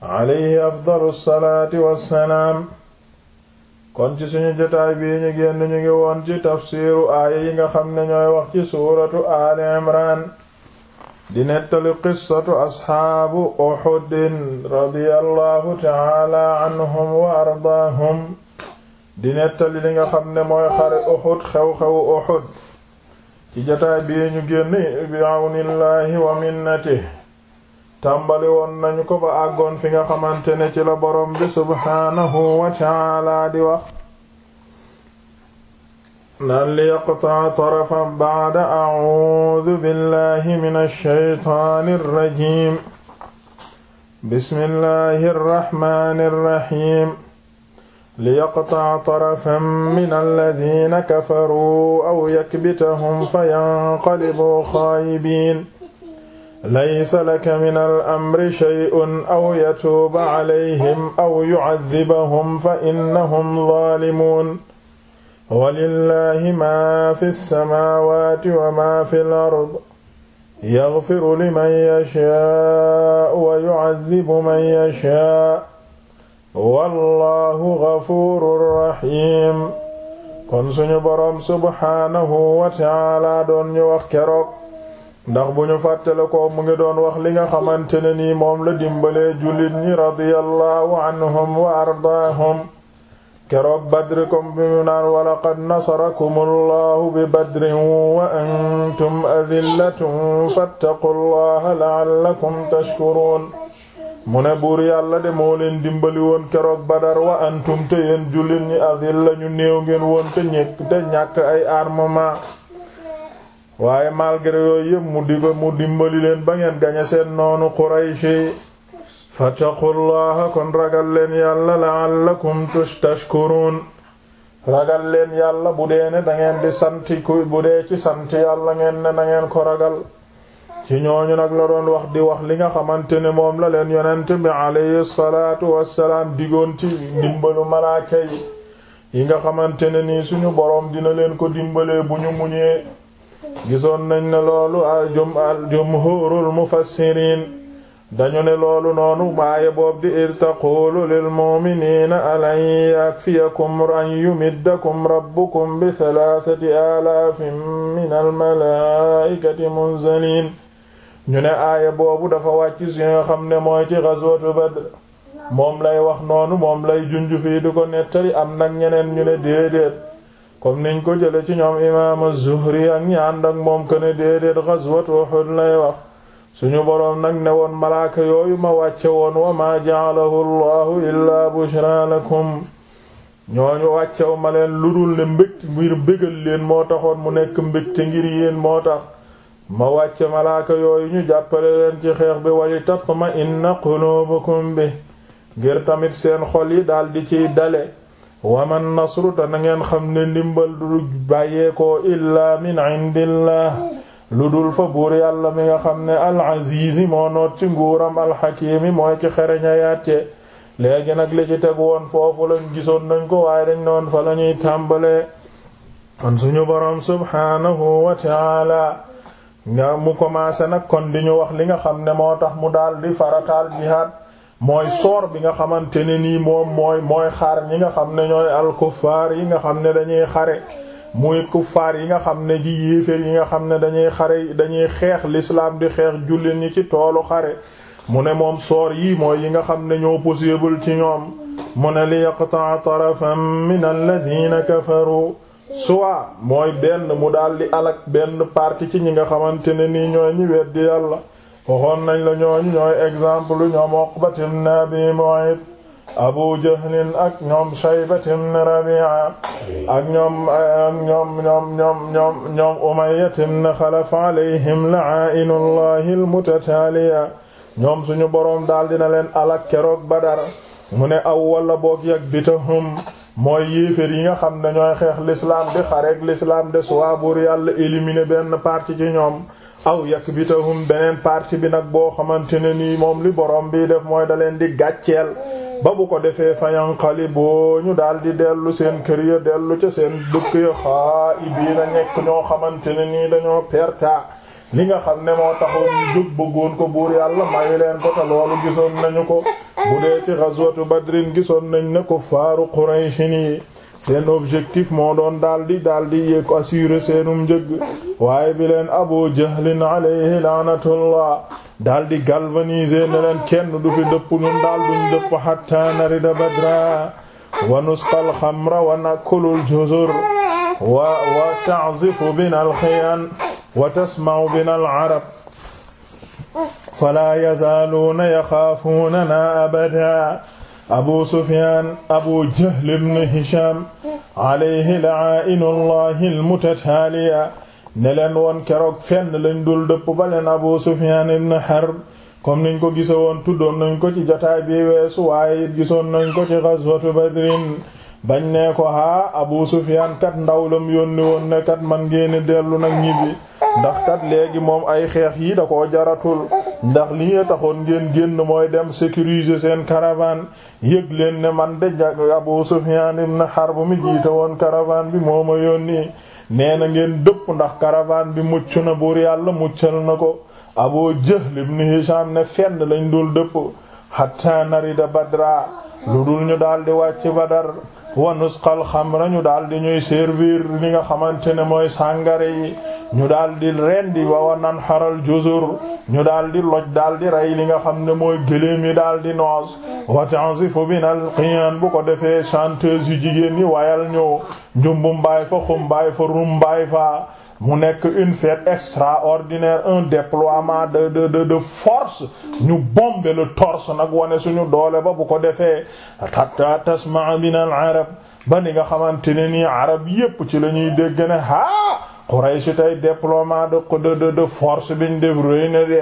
alayhi afdalu salaati wassalaam kon ci suñu jotaay bii ñu génn ñu ngi woon ci tafsiiru aaya nga xam ne ñooy wax ci suuratu aali imraan di nettali qissatu asxaabu uxudin radiyallahu taala anhum wa ardaahum di nettali li nga xam ne mooy xare uxud xew-xewu uxud ci jotaay bii ñu génn bi awnillaahi wa minnatihi tàmbali woon nañu ko ba àggoon fi nga xamante ne ci la borom bi subhaanahu wa ta'ala di wax naan li yaqta'a tarafan ba'da a'uudu billahi minash shaytaanir rajiim bismillahir rahmaanir rahiim li yaqta'a tarafan mina alladhiina kafaruu aw yakbitahum fa yanqalibuu xaa'ibiin laysa laka min al-amri shay'un aw yatuuba alayhim aw yu'adhibahum fa innahum zaalimuun walillahi ma fi samaawaati wa ma fi al-ard yaghfiru liman yashaa'u wa yu'adhibu man yashaa'u wallahu ghafuurun rahiim kon suñu boroom subhaanahu wa ta'aala doon ñu wax keroog ndax bu ñu fàttale ko mu ngi doon wax li nga xamante ne nii moom la dimbalee jullit ñi radiyallahu anhum wa ardaahum keroog badri kom bi mu naan walaqad nasarakumullahu bi badrin wa antum adillatun fattaqullaha la'allakum tashkurun mu ne buur yàlla de moo leen dimbali woon keroog badar wa antum te yéen jullit ñi adilla ñu néew ngeen woon te ñekk te ñàkk ay waaye malgré yooyu yëpp mu diba mu dimbali leen ba ngeen gañe seen noonu Qurayshi fattaqullaha kon ragal leen yàlla la la'allakum tastashkurun ragal leen yàlla bu dee ne da di santi bu dee ci sant yàlla ngeen ne na ko ragal ci ñooñu nag la doon wax di wax li nga xamante ne moom la leen yonent bi alayhi salaatu wassalaam digoon ci dimbalu malaaka yi yi nga xamante ne nii suñu boroom dina leen ko dimbalee bu ñu muñee gisoon nañ ne loolu aljum aljumhuurul mufassiriin dañu ne loolu noonu baaye boob di iz taquulu lil mu'miniina alan yakfiyakum an yumiddakum rabbukum bi salaasati aalaafin malaa'ikati munzaliin ñu ne aaya boobu dafa wàcc si nga xam ne mooy ci ghazwatu moom lay wax noonu moom lay junj fii di ko nettali am nag ñeneen ñu ne déedéet comme niñ ko jële ci ñoom imaamu Zuhri ak ñi ànd ak moom ko ne déedéet ghazwatu Uhud lay wax suñu boroom nag ne woon malaaka yooyu ma wàcce woon wa maa ja'alahu Allahu illaa bushra lakum ñooñu wàccew ma leen ludul ne mbégte ngir bégal leen moo taxoon mu nekk mbégte ngir yéen moo tax ma wàcce malaaka yooyu ñu jàppale leen ci xeex bi wali ma inna qulubukum bi ngir tamit seen xol yi di ciy dale waman nasru te na ngeen xam ne ndimbal du bàyyeekoo illaa min indillah lu dul fa buur yàlla mi nga xam ne al-azizi moo noot ci nguuram al-hakimi mooy ci xereña yàcce léegi nag li ci teg woon foofu lañ gisoon nañ ko waaye dañ ne fa la ñuy tàmbalee kon suñu boroom subhaanahu wa nga mu commencé nag kon di ñu wax li nga xam ne moo tax mu daal di farataal jihaad mooy soor bi nga xamante ne nii moom mooy mooy xar ñi nga xam ne ñooy alkufaar yi nga xam ne dañuy xare muy kufaar yi nga xam ne ji yéeféer yi nga xam ne dañuy xare dañuy xeex lislaam di xeex jullit ñu ci toolu xare mu ne moom soor yi mooy yi nga xam ne ñoo possible ci ñoom mu ne li yaqta'a tarafan min alladhina kafaru soit mooy benn mu daal di alak benn partie ci ñi nga xamante ne nii ñooy ñi weddi yàlla waxoon nañ la ñooñu ñooy exemple ñoom Uqbat ibn Abi Mu'ayt Abu Jahlin ak ñoom Shaybat ibn Rabi'a ak ñoom ñoom ñoom ñoom ñoom ñoom Umayya ibn Khalaf alayhim la'aa'inullahi al-mutataliya ñoom suñu boroom daal dina leen alak keroog Badar mu ne aw wala boog yag bitahum mooy yéeféer yi nga xam ne ñooy xeex l'islam di xareek l'islam de soit buur yàlla éliminer benn partie ci ñoom aw yakbitahum beneen partie bi nag boo xamante ne nii moom li borom bii def mooy da leen di gàcceel ba bu ko defee fayanqali boo ñu daal di dellu seen kër ya dellu ca seen dëkk ya xaa ibiina nekk ñoo xamante ne nii dañoo perta li nga xam ne moo taxoon ñu bëggoon ko buur yàlla mayu leen ko te loolu gisoon nañu ko bu dee ci ghazwatu badrin gisoon nañ ne ko faaru qurayshin yi seen objectif moo doon daldi daldi yéeg assurer seenum njëgg waaye bi leen Abu Jahlin alayhi laanatullah daldi galvaniser ne leen kenn du fi dëpp ñun daal duñ dëpp narida badra wa nusqal xamra wa nakulul juzur wa wa ta'zifu bina alxiyaan wa tasma'u bina alarab fala yazaaluuna yaxaafuunana abada abu sufyan abu jahl ibn hisham alayhi la'ainullahi almutataliya ne leen woon keroog fenn lañ dul dëpp ba leen abu sufyan ibn harb comme niñ ko gisa woon tuddoon nañ ko ci jotaay bi weesu waaye it gisoon nañ ko ci ghazwatu badrin bañ nee ko haa abu sufyan kat ndaw lam yónni woon ne kat man ngeen dellu nag ñibbi ndax kat léegi moom ay xeex yii da koo jaratul ndax li nga taxoon ngeen génn mooy dem sécuriser seen caravane yëg leen ne man de Abu ne ibn Harb mi jiite woon caravane bi moo ma yónni nee na ngeen dëpp ndax caravane bi mucc na buur yàlla muccal na ko Abu Jahl ibn Hisham ne fenn lañ dul dëpp hatta narida Badra lu dul ñu daldi wàcc Badar wa nusqal xamra ñu daal di ñuy servir li nga xamante ne mooy sàngara yi ñu daal di rendi wawa nan xaral juzur ñu daal di loj daal di rey li nga xam ne mooy gëléem yi daal di noos wa ta'zifu bina alqiyaan bu ko defee chanteuse yu jigéen yi wayal ñëw njumbu mbaay fa xumbaay fa rumbaay fa mu nekk une fête extraordinaire un déploiement de de de de force ñu bomber le torse nag wane suñu doole ba bu ko defee hatta tasmaa min al arab ba ni nga xamante ne nii arab yépp ci la ñuy dégg ne haa Quraysh tey déploiement de de de force biñ def rëy na de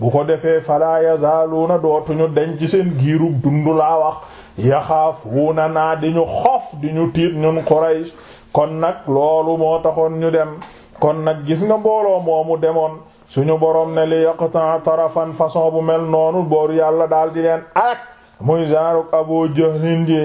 bu ko defee fala yazaaluuna dootuñu denc ci seen giirub dundu laa wax yaxaafuuna naa di ñu xof di ñu tiit ñun Quraysh kon nag loolu moo taxoon ñu dem kon nag gis nga mbooloo moomu demoon suñu boroom ne li yaqta tarafan façon bu mel noonu bor yàlla daal di leen arak muy jaaruk Abu Jahlin ji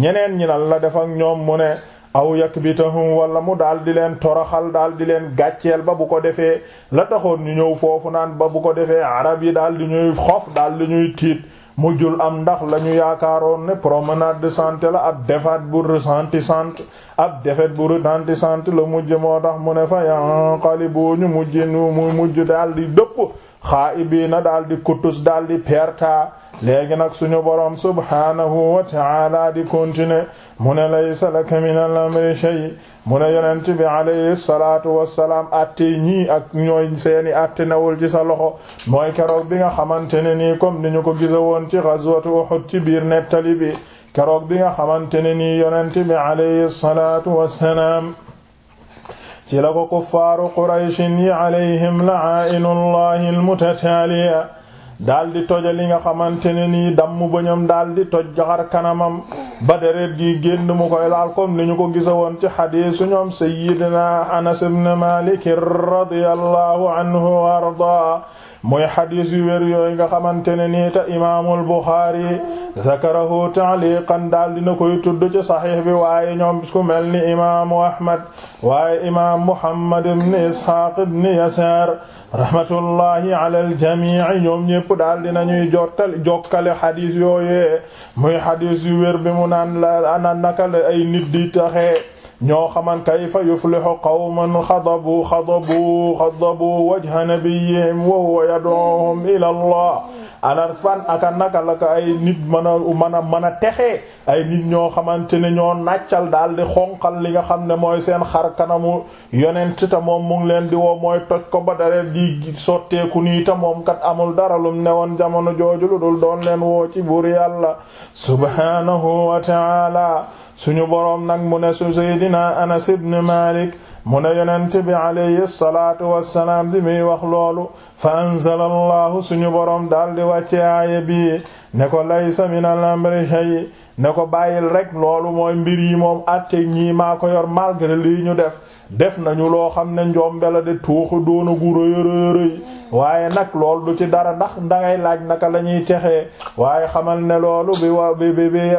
ñeneen ñi lan la def ak ñoom mu ne aw yakbitahum walla mu daal di leen toroxal daal di leen gàcceel ba bu ko defee la taxoon ñu ñëw foofu naan ba bu ko defee arab yi daal di ñuy xof daal di ñuy tiit mujjul am ndax lañu yaakaaroon ne promenade de santé la ab défaite bu retentissante ab défaite bu retentissante la mujj moo tax mu ne fa yanqalibu ñu mujj ñu mu mujj daal di dëpp xaa'ibiina daal di kutus daal di perta léegi nag suñu borom subhaanahu wa ta'ala di continuer mu ne laysa laka min al-amri mu ne yonent bi alayhi salaatu wassalaam atte ñii ak ñooy seeni atte nawul ci sa loxo mooy keroog bi nga xamante ne nii comme ni ñu ko gisa woon ci ghazwatu o ci biir nettali bi keroog bi nga xamante ne nii yonent bi alayhi salaatu wassalaam ci la ko kuffaaru qurayshin yi alayhim la'aa'inullahi almutataaliya daldi toja li nga xamante ne nii damm bëñam daldi toj jaxar kanamam ba deret gi génn mu koy laal ni ñu ko gisa woon ci xadiisu ñoom sayyidina anas ibn maalik radiyallahu anhu wa ardaa mooy xadiis yu wér yooyu nga xamante ne nii te imaamul Buxaari zakarahu taaliqan daal dina koy tudd ci saxiix bi waaye ñoom ku mel ni imaamu Ahmad waaye imaam Muhammad ibn Isxaaq ibn Yasaar rahmatullahi ala aljamii ñoom ñépp daal dinañuy jottal jokkale xadiis yooyee muy xadiis yu wér bi mu naan la ana ay nit di taxee ñoo xaman kayfa yuflihu qawman xadabu xadabu xadabu wajha nabiyyihim wa huwa yad'uhum ila Allah ana fan aka naka la ko ay nit mën a mën a mën a texee ay nit ñoo xamante ne ñoo nàccal daal di xonqal li nga xam ne mooy seen xar kanamu yonent te moom mu leen di woo mooy toj ko ba dara di sotteeku nii te moom kat amul dara lum ne woon jamono jooju lu dul doon leen woo ci buur yàlla subhaanahu wa ta'ala suñu boroom nag mu ne su seydina anas ibn malik mu ne yonent bi alayhi salaatu wassalaam bi muy wax loolu fa anzala allahu suñu boroom daldi wàcce bi bii ne ko laysa min al amri ne ko bàyyil rek loolu mooy mbir yi moom àtte ñii maa ko yor malgré lii ñu def def nañu loo xam ne njombe mbela di tuuxi doona gu rëy rëy rëy waaye nag lool du ci dara ndax dangay laaj naka la ñuy texee waaye xamal ne loolu bi wa bi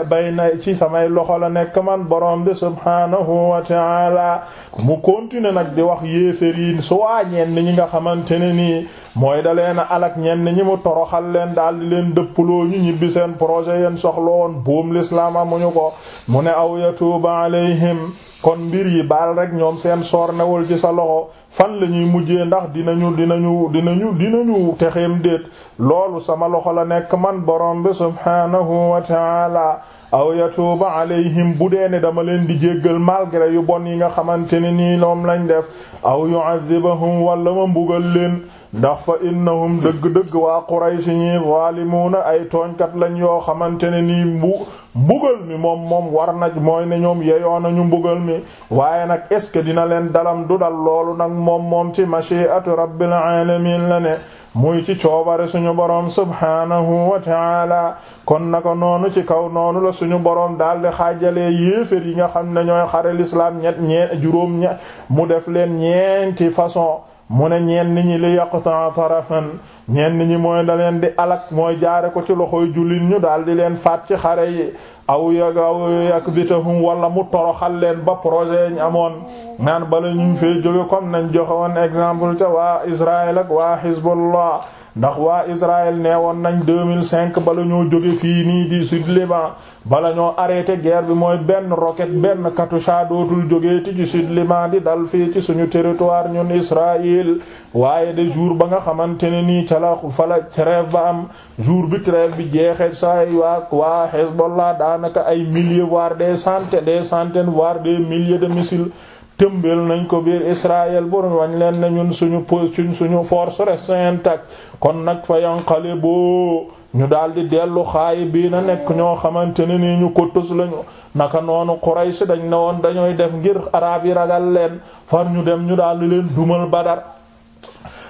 bay na ci samay loxo la nekk man borom bi subhaanahu wa ta'ala mu continuer nag di wax yéefér yi suwaa ñenn ñi nga xamante ne nii mooy da leen alak ñenn ñi mu toroxal leen daal di leen dëppaloo ñu ñibbi seen projet yeen soxla woon buum l'islam amuñu ko mu ne aw yatuuba alayhim kon mbir yi baal rek ñoom seen soor newul ci sa loxo fan la ñuy mujjee ndax dinañu dinañu dinañu dinañu texeem déet loolu sama loxo la nekk man borom bi subhaanahu wa taala aw yatuuba alayhim bu deene dama leen di jéggal malgré yu bon yi nga xamante ne nii loom lañ def aw yu'adhibahum walla ma mbugal leen ndax fa innahum dëgg-dëgg waa Quraysh ñi zaalimuuna ay tooñkat lañ yoo xamante ne nii mbu mbugal mi moom moom war na mooy ne ñoom yeyoon nañu mbugal mi waaye nag est ce que dina leen dalam du dal loolu nag moom moom ci mashi'atu rabbil alamin la ne muy ci coobare suñu boroom subhaanahu wa ta'ala kon naka noonu ci kaw noonu la suñu boroom daal di xaajalee yéefér yi nga xam ne ñooy xare l'islam ñee juróom ñe mu def leen ñeenti façon mu ne ñeen nit ñi li yaqta tarafan ñeen nit ñi mooy da leen di alak mooy jaare ko ci loxoy jullit ñu daal di leen faat ci xare yi aw yag aw yakbitahum wala mu toroxal leen ba projet ñu amoon naan bala ñu fee jóge comme nañ joxe woon exemple ca waa Israël ak waa Hezbollah ndax waa Israël nee woon nañ 2005 bala ñoo jóge fii nii di sud Liban bala ñoo arrêté guerre bi mooy benn roquette benn katusha dootul jógee ti ci sud Liban di dal fii ci suñu territoire ñun Israël waaye de jour ba nga xamante ne nii ca la fala trêve ba am jour bi trêve bi jeexee saa yi waa waa daanaka ay milliers voire des centaines des centaines voire des milliers de missiles tëmbeel nañ ko biir Israël bur wañ leen ne ñun suñu suñ suñu force reste intacte kon nag fa boo ñu daldi dellu xaayi bii na nekk ñoo xamante ne nii ñu kottus lañu naka noonu Quraysh dañ ne woon dañooy def ngir araab yi ragal leen far ñu dem ñu daldi leen dumal Badar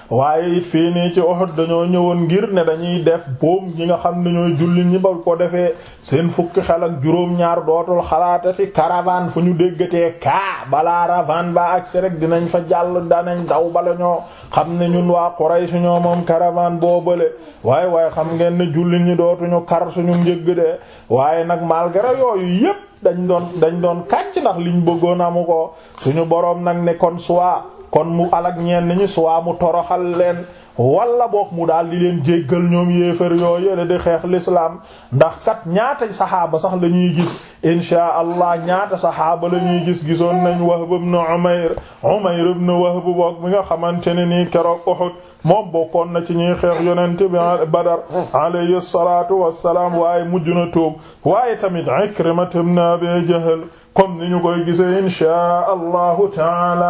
waaye it fii nii ci Uhud dañoo ñëwoon ngir ne dañuy def boom ñi nga xam ne ñooy jullit ñi ba ko defee seen fukki xel ak juróom-ñaar dootul xalaatati caravane fu ñu déggatee kaa balaa ravane baa ak rek dinañ fa jàll danañ daw bala ñoo xam ne ñun waa su ñoo moom caravane boobale waaye waaye xam ngeen ne jullit ñi dootuñu kar suñu njëgg de waaye nag malgré yooyu yépp dañ doon dañ doon kàcc ndax liñ bëggoon amu ko suñu boroom nag ne kon soit kon mu alak ñeen ñi soit mu toroxal leen walla boog mu daal di leen jéggal ñoom yéefar yoo yële xeex l'islam ndax kat ñaata saxaaba sax la ñuy gis inshaa allah ñaata saxaaba la ñuy gis gisoon nañ Wahb ibn Umayr Umayr ibn Wahb boog mi nga xamante ne nii keroog Uhud moom bokkoon na ci ñuy xeex yonent bi Badar alayhi salaatu wassalaam waaye mujj na tuub waaye tamit Ikrimah ibn Abi Jahl comme ni ñu koy gisee inchaa allahu taala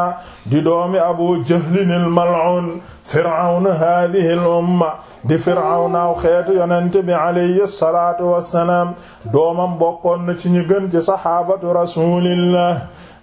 di doomi abu jahlin al mal'un firawna hadihi al umma di firawnaaw xeetu yonente bi alayhi salaatu wassalaam doomam bokkoon na ci ñu gën ci sahaabatu rasulillah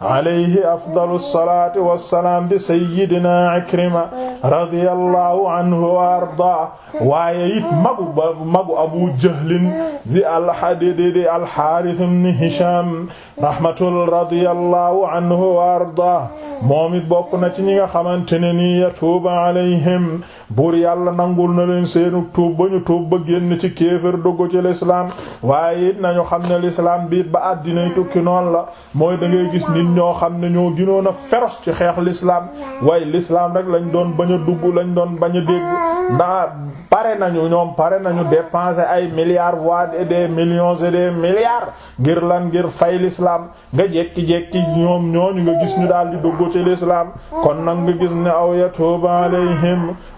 alayhi afdalu salaati wa salaam di sayyidina Ikrima radiyallahu anhu wa ardaa waaye it magu ba magu Abu Jahlin di alxadidi di alxaaris ibn Hisham rahmatul radiyallahu anhu wa ardaa moom it bokk na ci ñi nga xamante ne nii yatuuba alayhim buur yàlla nangul na leen seenu tuub ba ñu tuub ba génn ci kéefër dugg ci lislaam waaye it nañu xam ne lislaam biit ba àddina tukki noonu la mooy da gis nit ñoo xam ne ñoo ginoon a féroce ci xeex lislaam waaye lislaam rek lañ doon bañ a dugg lañ doon bañ dégg ndax pare nañu ñoom pare nañu dépenser ay milliards voire des millions et des milliards ngir lan ngir fay lislaam nga jekki-jekki ñoom ñooñu nga gis ñu daal di dugg ci lislaam kon nag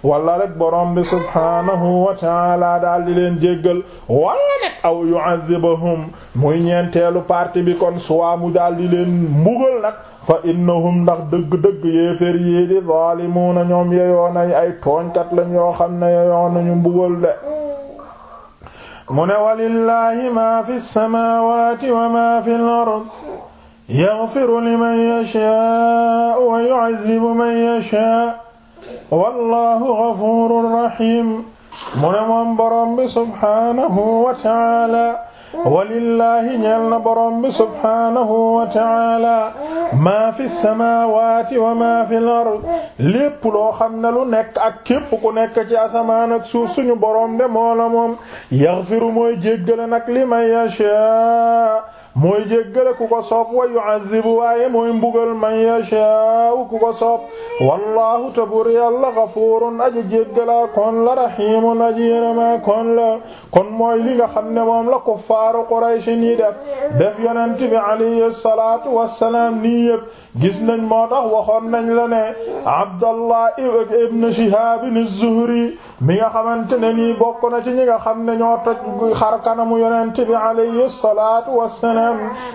nga wala rek borom bi subhaanahu wa taala daal di leen jéggal wala nag aw yu'adhibahum muy ñeenteelu bi kon soit mu daal di leen mbugal nag fa innahum ndax dëgg-dëgg yéefér yii di na ñoom yeyoon nañ ay tooñkat lañ yoo xam ne yeyoon nañu mbugal de mu ne walillahi ma fi samawati wa ma fi al-ard yaghfiru liman yashaa'u wa yu'adhibu man yashaa'u wallahu ghafurur rahim mu ne moom borom bi subhaanahu wa ta'ala walillahi ñeel na borom bi subhaanahu wa ta'ala maa fi samaawaati wa maa fi al-ard lépp loo xam ne lu nekk ak képp ku nekk ci asamaan ak suuf suñu borom de moo la moom yaghfiru mooy nag li man yashaa mooy jéggale ku ko soob wa yu'adhibu waaye mooy mbugal man yashaa'u ku ko soob la tabur yàlla ghafuurun aji jéggalaa kon la rahimun aji yéramaa kon la kon mooy li nga xam ne moom la kuffaaru Quraysh nii def def yonent bi alayhi salaatu wassalaam nii yëpp gis nañ moo tax waxoon nañ la ne Abdallah ibn Shihaab az-Zuhri mi nga xamante ne nii bokk na ci ñi nga xam ne ñoo toj xar kanamu yonent bi alayhi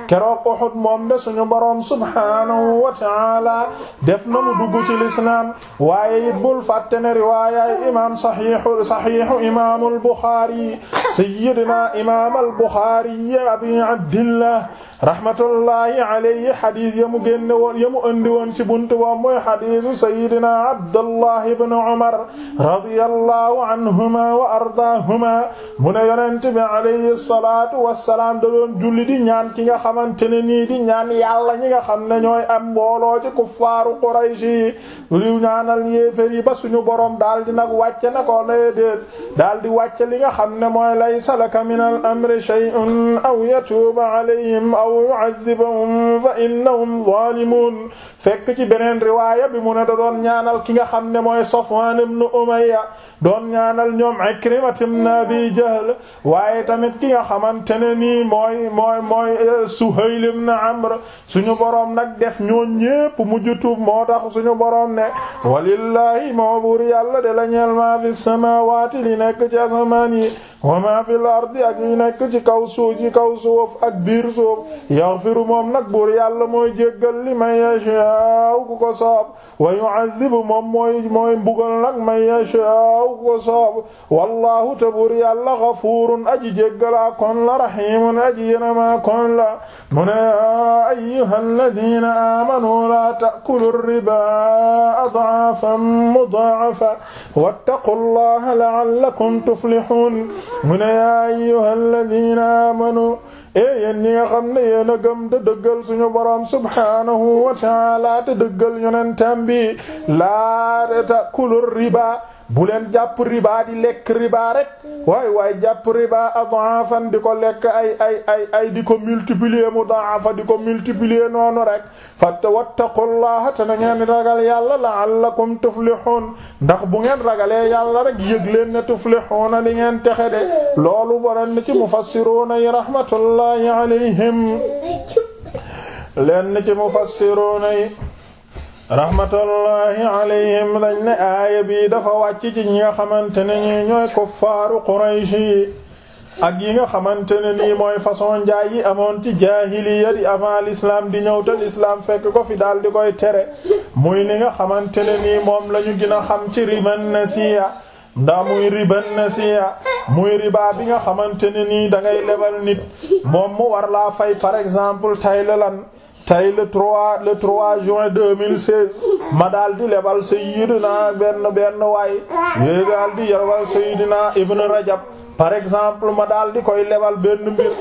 keroog Uhud moom de suñu boroom subhaanahu wa ta'ala def na mu dugg ci lislaam waaye it bul fàtte ne riwaayaay imaam saxiixu saxiixu imaamul Buxaari sayyidina imaam al Buxaari abi abdillah rahmatullahi alayhi xadis ya mu génne woon ya mu andi woon ci buntu woon mooy xadisu sayyidina Abdullah ibn Umar radiyallahu anhuma wa ardaahuma mu ne yonent bi alayhi salaatu wassalaam da doon julli di ñaan ñaan ki nga xamante ne nii di ñaan yàlla ñi nga xam ne ñooy am mbooloo ci kuffaaru Quraysh yi lu ñaanal yéefér yi ba suñu borom daal di nag wàcce na ko lay déet daal di wàcce li nga xam ne mooy laysa laka min al amri shay'un aw yatuuba alayhim aw yu'adhibahum fa innahum zalimun fekk ci beneen riwaaya bi mu ne da doon ñaanal ki nga xam ne mooy Safwan ibn Umayya doon ñaanal ñoom Ikrimah ibn Abi Jahl waaye tamit ki nga xamante ne nii mooy mooy mooy Eh, Suhayl ibn Amr suñu borom nag def ñoon ñépp mujj tuub moo tax suñu boroom ne walillahi moo buur yàlla de la ñeel ma fi samaawaati li nekk ci asamaan yi wa maa fil ardi ak ñi nekk ci kaw suuf ci kaw suuf ak biir suuf yaghfiru moom nag buur yàlla mooy jéggal li man yashaa'u ku ko soob wa yu'adhibu moom mooy mooy mbugal nag man yashaa'u ku ko soob wallaahu te buur yàlla ghafuurun aji jéggalaa kon la rahiimun aji yénamaa kon la mu ne yaa ayyuhal ladiina aamanuu laa ta'kulur ribaa ad'aafan mudaafa wattaqullaaha la'allakum tuflihuun mu ne yaa ayyuhal ladina amanu e eh, yéen ñi nga xam ne yéen gëm te dëggal suñu borom subhanahu wa ta'ala te dëggal yonentam bi laa takulu riba bu leen jàpp riba di lekk riba rek waay waay jàpp riba ad'afan di ko lekk ay ay ay ay di ko multiplier mudaafa di ko multiplier noonu rek fatta wattaqullaha te na ngeen ragal yàlla la la'allakum tuflihun ndax bu ngeen ragalee yàlla rek yëg leen ne tuflihuna di ngeen texe de loolu baran ci mufassiruna yi rahmatullahi alayhim leen ci mufassiruna yi rahmatullahi alayhim dañ ne aaya bii dafa wàcc ci ñi nga xamante ne ñi ñooy kuffaaru Quraysh yi ak yi nga xamante ne nii mooy façon njaay yi amoon ci jaahiliya di avant l'islam di ñëw te l'islam fekk ko fi daal di koy tere muy li nga xamante ne nii moom la ñu gën xam ci riban nasiya ndaa muy riban nasiya muy riba bi nga xamante ni nii da ngay lebal nit moom mu war laa fay par exemple tay la lan tey le 3 le 3 juin 2016 ma daal di lebal Seydina benn benn waay yooyu daal di yebal Seydina Ibn Rajab par exemple ma daal di koy lebal benn mbir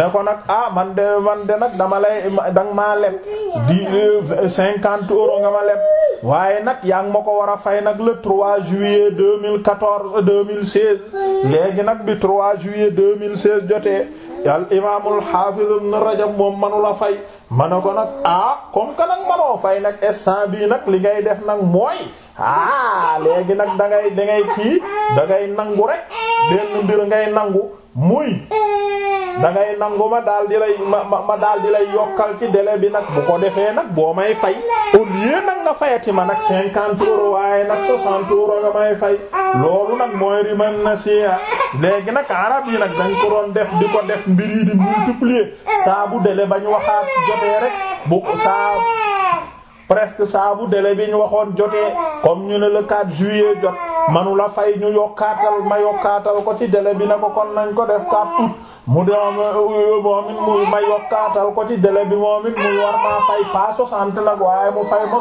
ne ko nag ah man de man de nag dama lay danga ma leb di euh, cinquante euros nga ma leb waaye nag yaa ngi ma ko war a fay nag le 3 juillet 2014 2016 léegi nag bi 3 juillet 2016 jotee. al imaamul xaafiz ibn rajab moom manula fay ma ne ko nag ah comme que nag manoo fay nag instant bii nag li ngay def nag mooy ah léegi nag da dangay kii dangay nangu rek benn mbir ngay nangu muy dangay ngay nangu ma daal di lay ma ma ma daal di lay yokkal ci délai bi nag bu ko defee nag boo may fay au lieu nag nga fayati ma nag cinquante euros waaye nag soixante euros nga may fay loolu nag mooy riman nasiha léegi nag arab yi nag dañ ko doon def di ko def mbir yi di multiplier saa bu délai ba ñu waxaat jotee rek bu saa. presque saabu dele bi ñu waxoon jotee comme ñu ne le 4 juillet jot manu la fay ñu yokkaatal ma yokkaatal ko ci délai bi na ko kon nañ ko def 4 août mu doon euh, moom it muy ma bi moom it muy war maa fay pas 60 nag waaye mu fay ma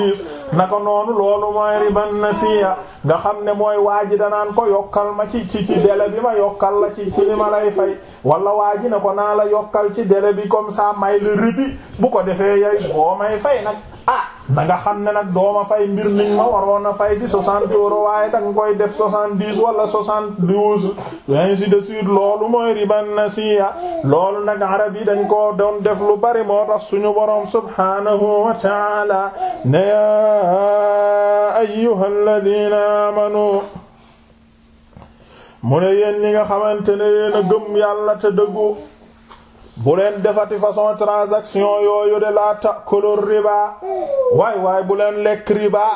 70 naka noonu loolu mooy riban nasiya nga xam ne mooy waa ji danaan ko yokkal ma ci ci ci délai bi ma yokkal la ci ci li ma lay fay wala waa ji ne ko naa la yokkal ci délai bi comme sa may le ribi bu ko defee yay boo fay nag. ah na xam ne nag dooma fay mbir niñ ma waroon fay di soixante euros waaye danga koy def soixante-dix wala soixante-douze ainsi de suite loolu mooy riban nasiya loolu nag arab yi dañ koo doon def lu bari moo tax suñu boroom subhanahu wa taala ne yaa ayyuhal ladina amanu bu leen defati façon transaction yooyu de la ta'kulu riba waay waay bu leen lekk riba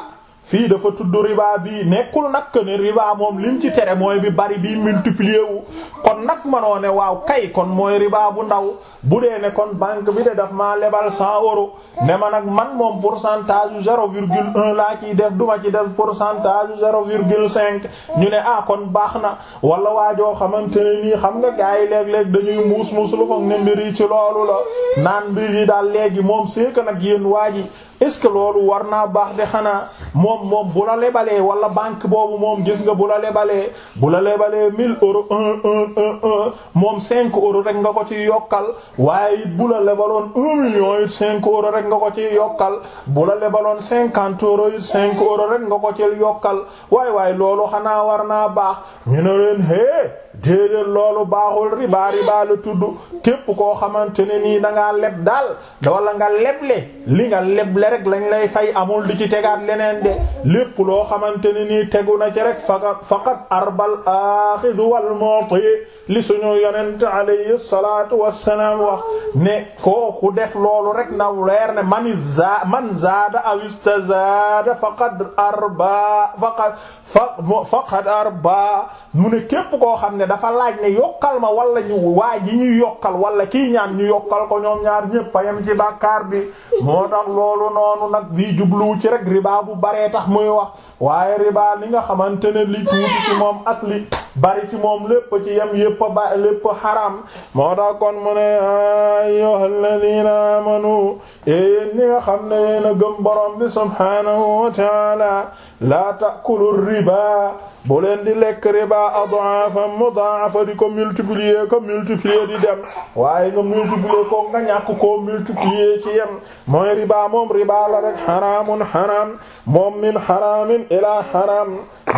fii dafa tudd riba bi nekkul nag que ne riba moom lim ci tere mooy bi bari bi multiplier wu kon nag manoo ne waaw kay kon mooy riba bu ndaw bu dee ne kon banque bi de daf maa lebal cent euros ne ma nag man moom pourcentage yu zéro virgule un laa ciy def duma ci def pourcentage yu zéro virgule cinq ñu ne ah kon baax na wala waajoo xamante ne nii xam nga gars yi léeg dañuy muus muus lu foog ne mbir yi ci loolu la naan mbir daal léegi moom c'est que nag yéen waa ji est-ce que loolu war naa baax de xanaa moom moom bu la lebalee wala banque boobu moom gis nga bu la lebalee bu la lebalee 1000 euros 1 1 1 1 moom 5 euros rek nga ko ci yokkal waaye it bu la lebaloon 1 million rek nga ko ci yokkal bu la lebaloon 50 euros it 5 rek nga ko ci yokkal waaye waaye loolu xanaa war naa baax ñu ne baaxul riba riba la tudd képp koo xamante ne nii da ngaa leb daal li nga leble. rek lañ lay fay amul di ci tegaat leneen de lépp loo xamante ne nii tegu na ci rek faqat faqat arbal aaxidu wal mu'ti li suñu yonent alayhi salaatu wassalaam wax ne kooku def loolu rek na leer ne man za man zaada aw istazaada faqad arba faqad faqad arba mu ne képp koo xam ne dafa laaj ne yokkal ma wala ñu waa ji ñu yokkal wala kii ñaan ñu yokkal ko ñoom ñaar ñépp a yem ci bàkkaar bi moo tax loolu noonu nag bii jubluwu ci rek riba bu baree tax muy wax waaye riba li nga xamante ne li tuuti ci moom ak li bari ci moom lépp ci yem yépp a ba lépp xaram moo tax kon mu ne ayyuhal ladina la ta'kulu riba bu leen di lekk riba ad'afa mudha'afa di ko multiplier ko multiplier di dem waaye nga multiplier ko nga ñàkk ko multiplier ci yem mooy riba moom riba la rek xaraamun xaraam moom min xaraamin ila xaraam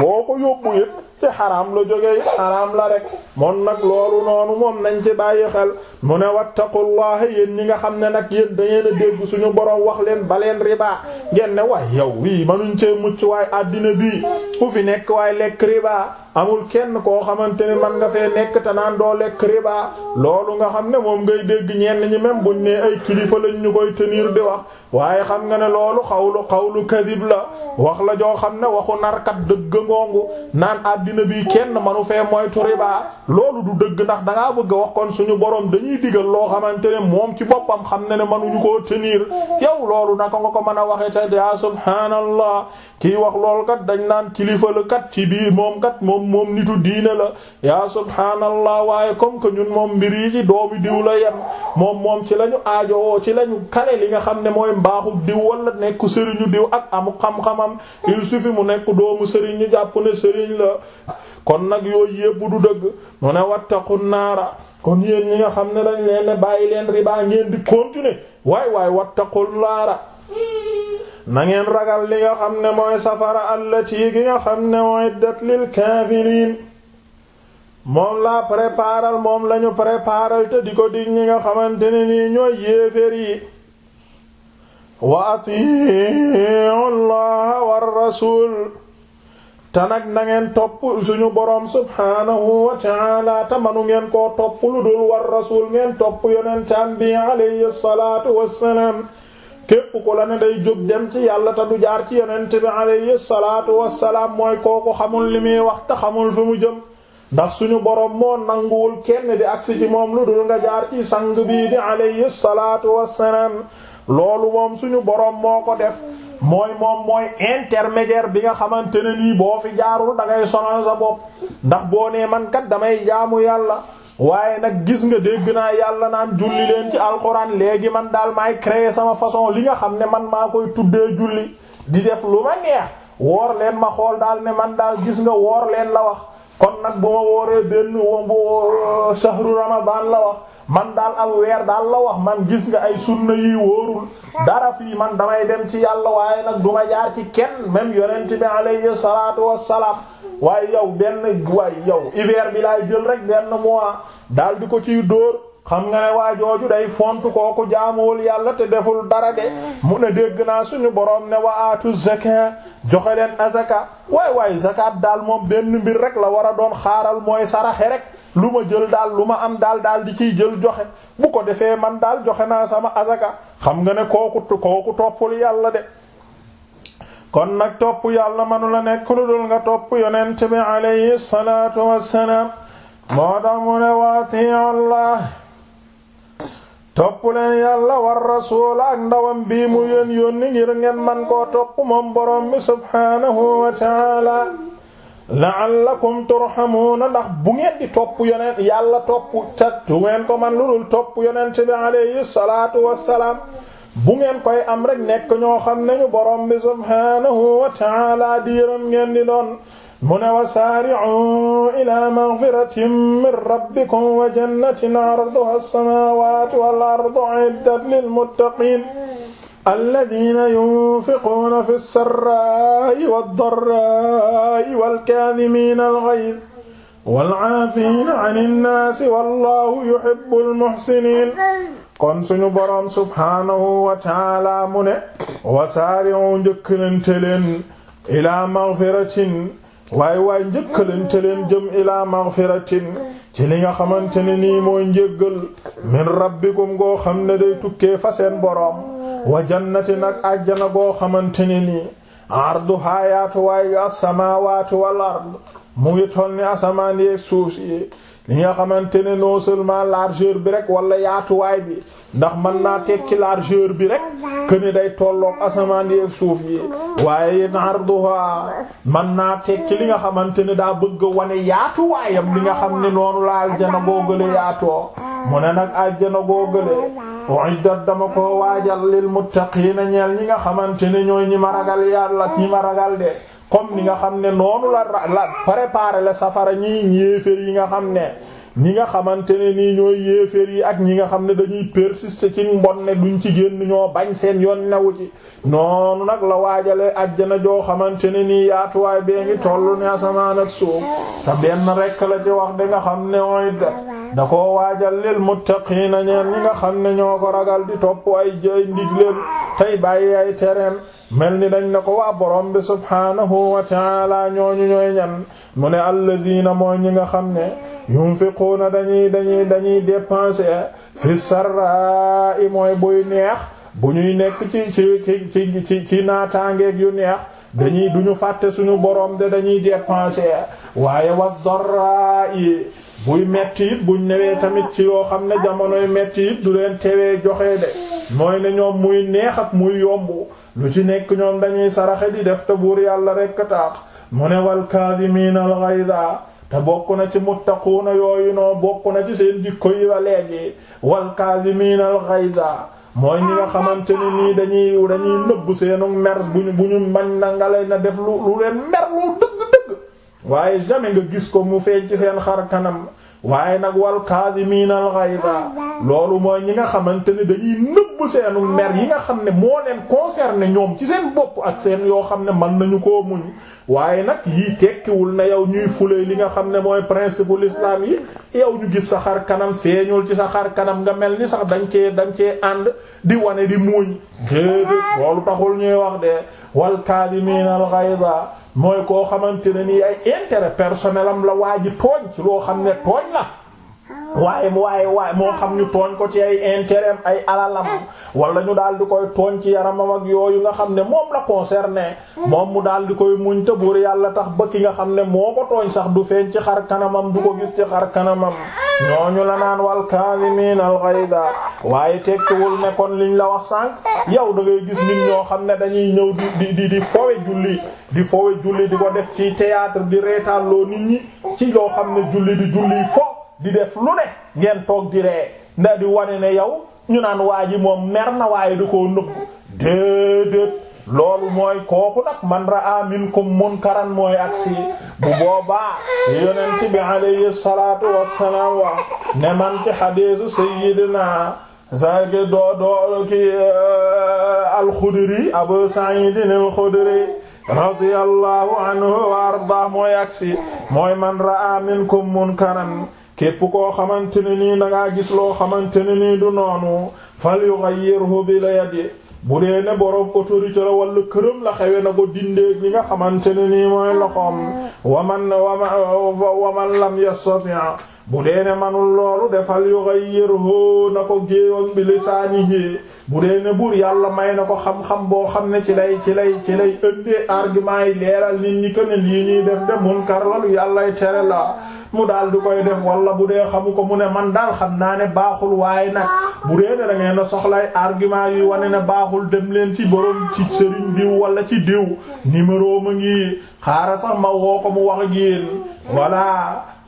boo ko yóbbu yépp ci xaraam la jógee xaraam la rek moom nag loolu noonu moom nañ ci bàyyi xel mu ne wattaqullaha yéen ñi nga xam ne nag yéen da ngeen a dégg suñu borom wax leen ba leen riba ngeen ne waay yow wii manuñ cee mucc waay àddina bii ku fi nekk waay lekk riba amul kenn koo xamante ne man nga fee nekk te naan doo lekk riba loolu nga xam ne moom ngay dégg ñenn ñi même buñ ne ay kilifa lañ ñu koy tenir di wax waaye xam nga ne loolu xawlu xawlu kadib la wax la joo xam ne waxu narkat dëgg ngoongu naan àddina bi kenn manu fee moytu riba loolu du dëgg ndax da bëgg wax kon suñu borom dañuy digal loo xamante ne moom ci boppam xam ne ne manuñu koo tenir yow loolu naka nga ko mën a waxee te yaa subhaanallah kiy wax loolu kat dañ naan kilifa la kat ci moom kat moom moom moom nitu diine la yaa subhaanallah waaye comme que ñun moom mbir yi ci doomi diw la yem moom moom ci la ñu aajowoo ci la ñu kale li nga xam ne mooy mbaaxu diw wala nekku sëriñu diw ak amu xam-xamam il suffit mu nekk doomu sëriñ ñu jàpp ne sëriñ la kon nag yooyu yëpp du dëgg mu ne wattaqu naara kon yéen ñi nga xam ne dañ leen ne bàyyi leen riba ngeen di continuer waay waay wattaqu naara na ngeen ragal li nga xam ne mooy safara allati gi nga xam ne uiddat lil kaafiriin moom laa préparal moom lañu préparal te di ko dig ñi nga xamante ne nii ñooy yéeféer yi wa atiiwu llaha war rasuul te nag na ngeen topp suñu boroom subhaanahu wa ta'ala manu ngeen koo topp lu war rasuul ngeen topp yonentaan bi alayhi salaatu wassalaam képp ko la ne day jóg dem ci yàlla te du jaar ci yonent bi alayhi salaatu wassalaam mooy kooku xamul li muy wax te xamul fu mu jëm ndax suñu boroom moo nanguwul kenn di agsi ci moom lu dul nga jaar ci sang bii di alayhi salaatu wa wassalaam loolu moom suñu boroom moo ko def mooy moom mooy intermédiaire bi nga xamante ne nii boo fi jaarul da ngay sonal sa bopp ndax boo nee man kat damay jaamu yàlla waaye nag gis nga dégg naa yàlla naan julli leen ci alxuraan léegi man daal maay créer sama façon li nga xam ne man maa koy tuddee julli di def lu ma neex woor leen ma xool daal ne man daal gis nga woor leen la wax kon nag bu ma wooree benn wombu euh, shahru ramadan la wax man daal aw weer daal la wax man gis nga ay sunna yi wóorul dara fii man damay dem ci yàlla waaye nag duma jaar ci kenn même yonent bi alayhi salaatu wassalaam waaye yow benn waaye yow hiver bi laay jël rek benn mois daal di ko ci dóor xam nga ne waa jooju day font kooku jaamuwul yàlla te deful dara de mu ne dégg naa suñu borom ne wa aatu zakat joxe leen azaka waay waay zakat daal moom benn mbir rek la war a doon xaaral mooy saraxe rek lu ma jël daal lu ma am daal daal di ciy jël joxe bu ko defee man daal joxe naa sama azaka xam nga ne kooku kooku toppul yàlla de kon nag topp yàlla manu la dul nga topp yonent bi salaatu wassalaam moo tax ne waatiullah topp leen yàlla war rasuula ak ndawam bii mu yén yónni ngir ngeen man koo topp moom borom bi subhaanahu wa la'allakum turhamuuna ndax bu ngeen di topp yonent yàlla topp ta du ngeen ko man lu dul topp yonent bi alayhi salaatu wassalaam bu ngeen koy am rek nekk ñoo xam ne ñu borom bi subhaanahu wa ta'aala diiram ngeen di doon mu ne wa saari'u ilaa maghfiratin min rabbikum wa jannatin 'arduha as-samaawaatu wal ardu 'iddat lil muttaqiin alladina yunfiquuna fi sarraai waddarraai walkaadimiina alxayz walcaafiina an innaasi wallahu yuhibbu almuxsiniin kon suñu boroom subhaanahu wa taala mu ne wasaari'u njëkkalante leen ilaa magfiratin waay waay njëkkalante leen jëm ilaa magfiratin ci li nga xamante ne nii mooy njéggal min rabbikum goo xam ne day tukkee fa seen boroom wa jannatin ak àjjana goo xamante ne nii arduhaa yaatuwaayu as-samaawaatu wal ard mu ngi toll ni asamaan yeek suuf si li nga xamante ne non seulement largeur bi rek wala yaatuwaay bi ndax mën naa tekki largeur bi rek que day tolloog asamaan yi suuf yi waaye arduha man naa tekki li nga xamante ne daa bëgg a wane yaatuwaayam li nga xam ne noonu la aljana googale yaatoo mu ne nag aljana googale uiddat dama ko waajal lil muttaqiina ñeel ñi nga xamante ne ñooy ñi ragal yàlla ñi ma ragal de comme ni nga xam ne noonu la la préparer la safara ñi yéeféer yi nga xam ne ñi nga xamante ne nii ñooy yéeféer yi ak ñi nga xam ne dañuy persister ci mbon ne duñ ci génn ñoo bañ seen yoon newu ci noonu nag la waajale ajjana joo xamante ne nii yaatuwaay bee ngi toll ne asamaan ak te benn rekk la ci wax di nga xam ne mooy da koo waajal lil muttaqiina ñeen ñi nga xam ne ñoo ko ragal di topp ay jëy ndigleen tey bàyyi ay mel ni dañ ne ko waa borom bi subhaanahu wa taala ñooñu ñooy ñan mu ne alladina mooy ñi nga xam ne yunfiquuna dañuy dañuy dañuy dépenser fi sarra i mooy buy neex bu ñuy nekk ci ci ci ci ci yu neex dañuy duñu fàtte suñu borom de dañuy dépenser waaye wa darra i buy metti it buñ newee tamit ci yoo xam ne jamonoy metti it du leen tewee joxe de mooy ne ñoom muy neex ak muy yomb lu ci nekk ñoom dañuy saraxe di def te buur yàlla rekk taax mu ne wal kaadimiina al te bokk na ci muttaquuna yooyu noo bokk na ci seen jikko yi ba léegi wal kaadimiina al mooy ñi nga xamante ni nii dañuy dañuy nëbb seenu mer buñu bu ñu mañ na nga lay na def lu lu leen mer lu dëgg dëgg waaye jamais nga gis ko mu feeñ ci seen xar kanam waaye nag wal kaazimiina al ghayza loolu mooy ñi nga xamante ne dañuy nëbb seenu mer yi nga xam ne moo leen concerné ñoom ci seen bopp ak seen yoo xam ne mën nañu koo muñ waaye nag yii tekkiwul na yow ñuy fule li nga xam ne mooy principe l'islam yi yow ñu gis sa xar kanam feeñul ci sa xar kanam nga mel ni sax dañ cee dañ cee ànd di wane di muuñ. déedéet loolu taxul ñuy wax de wal kaazimiina al ghayza mooy koo xamante ne nii ay intérêt personnel am la waa ji tooñ loo xam ne tooñ la waaye waaye waaye moo xam ñu tooñ ko ci ay intérêt ay alalam wala ñu daal di koy tooñ ci yaramam ak yooyu nga xam ne moom la concerné moom mu daal di koy muñ te buur yàlla tax bët ki nga xam ne moo ko tooñ sax du feeñ ci xar kanamam du ko gis ci xar kanamam ñu la naan wal kaazimiina al ghayza waaye tekkiwul ne kon liñ la wax sànq yow da gis nit ñoo xam ne dañuy ñëw di di di di fowe julli di fowe julli di ko def ci théâtre di reetaan loo nit ñi ci loo xam ne julli di julli fo di def lu ne ngeen toog di ree nda di wane ne yow ñu naan waa ji moom mer na waaye du ko nëbb déedéet. loolu mooy kooku nag man ra'a minkum munkaran mooy aksi bu boobaa yonent bi alayhi salaatu wassalaam wa ne man hadiisu sayyidina sage doo euh, al-Khudri Abu Sa'id al-Khudri radiyallahu anhu wa arda mooy aksi mooy man ra'a minkum munkaran képp koo xamante ne nii da gis loo xamante ne nii du noonu falyughayyirhu bi yadihi bu dee ne borom autorité la wala këram la xewe na ko dindee ñi nga xamante ne nii mooy loxoom waman waman lam yastati bu dee ne manul loolu defal yughayyiru na ko géewoon bi lisaanihi bu dee ne buur yàlla may na ko xam-xam boo xam ne ci lay ci lay ci lay ëndee argument yi leeral nit ñi ne lii ñuy def de munkar la lu yàllay tere la mu daal di koy def wala bu dee xamu ko mu ne man daal xam naa ne baaxul waaye nag bu dee da ngeen a soxlay argument yi wane ne baaxul dem leen ci borom ci sëriñ diw wala ci diw numéro ma ngi xaara sax ma woo ko mu wax ak yéen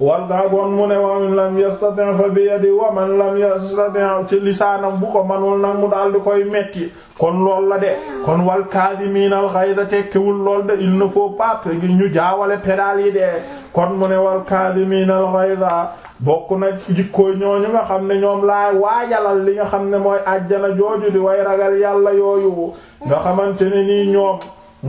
wal gaa goon mu ne waman lam yastati' fa bi yadi wa man lam yastati' ci lisaanam bu ko manul na mu daal di koy metti kon lool la de kon wal kaadimiina al ghayda tekkiwul lool de il ne faut pas ñu jaawale pédale kon mu ne mii na al ghayza bokk na jikkooy ñooñu nga xam ne ñoom laa waajalal li nga xam ne mooy àjjana jooju di way ragal yàlla yooyu nga xamante ne nii ñoom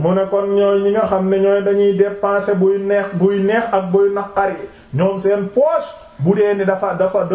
mu ne kon ñooy ñi nga xam ne ñooy dañuy dépenser buy neex buy neex ak buy naqari ñoom seen poche bu dee ni dafa dafa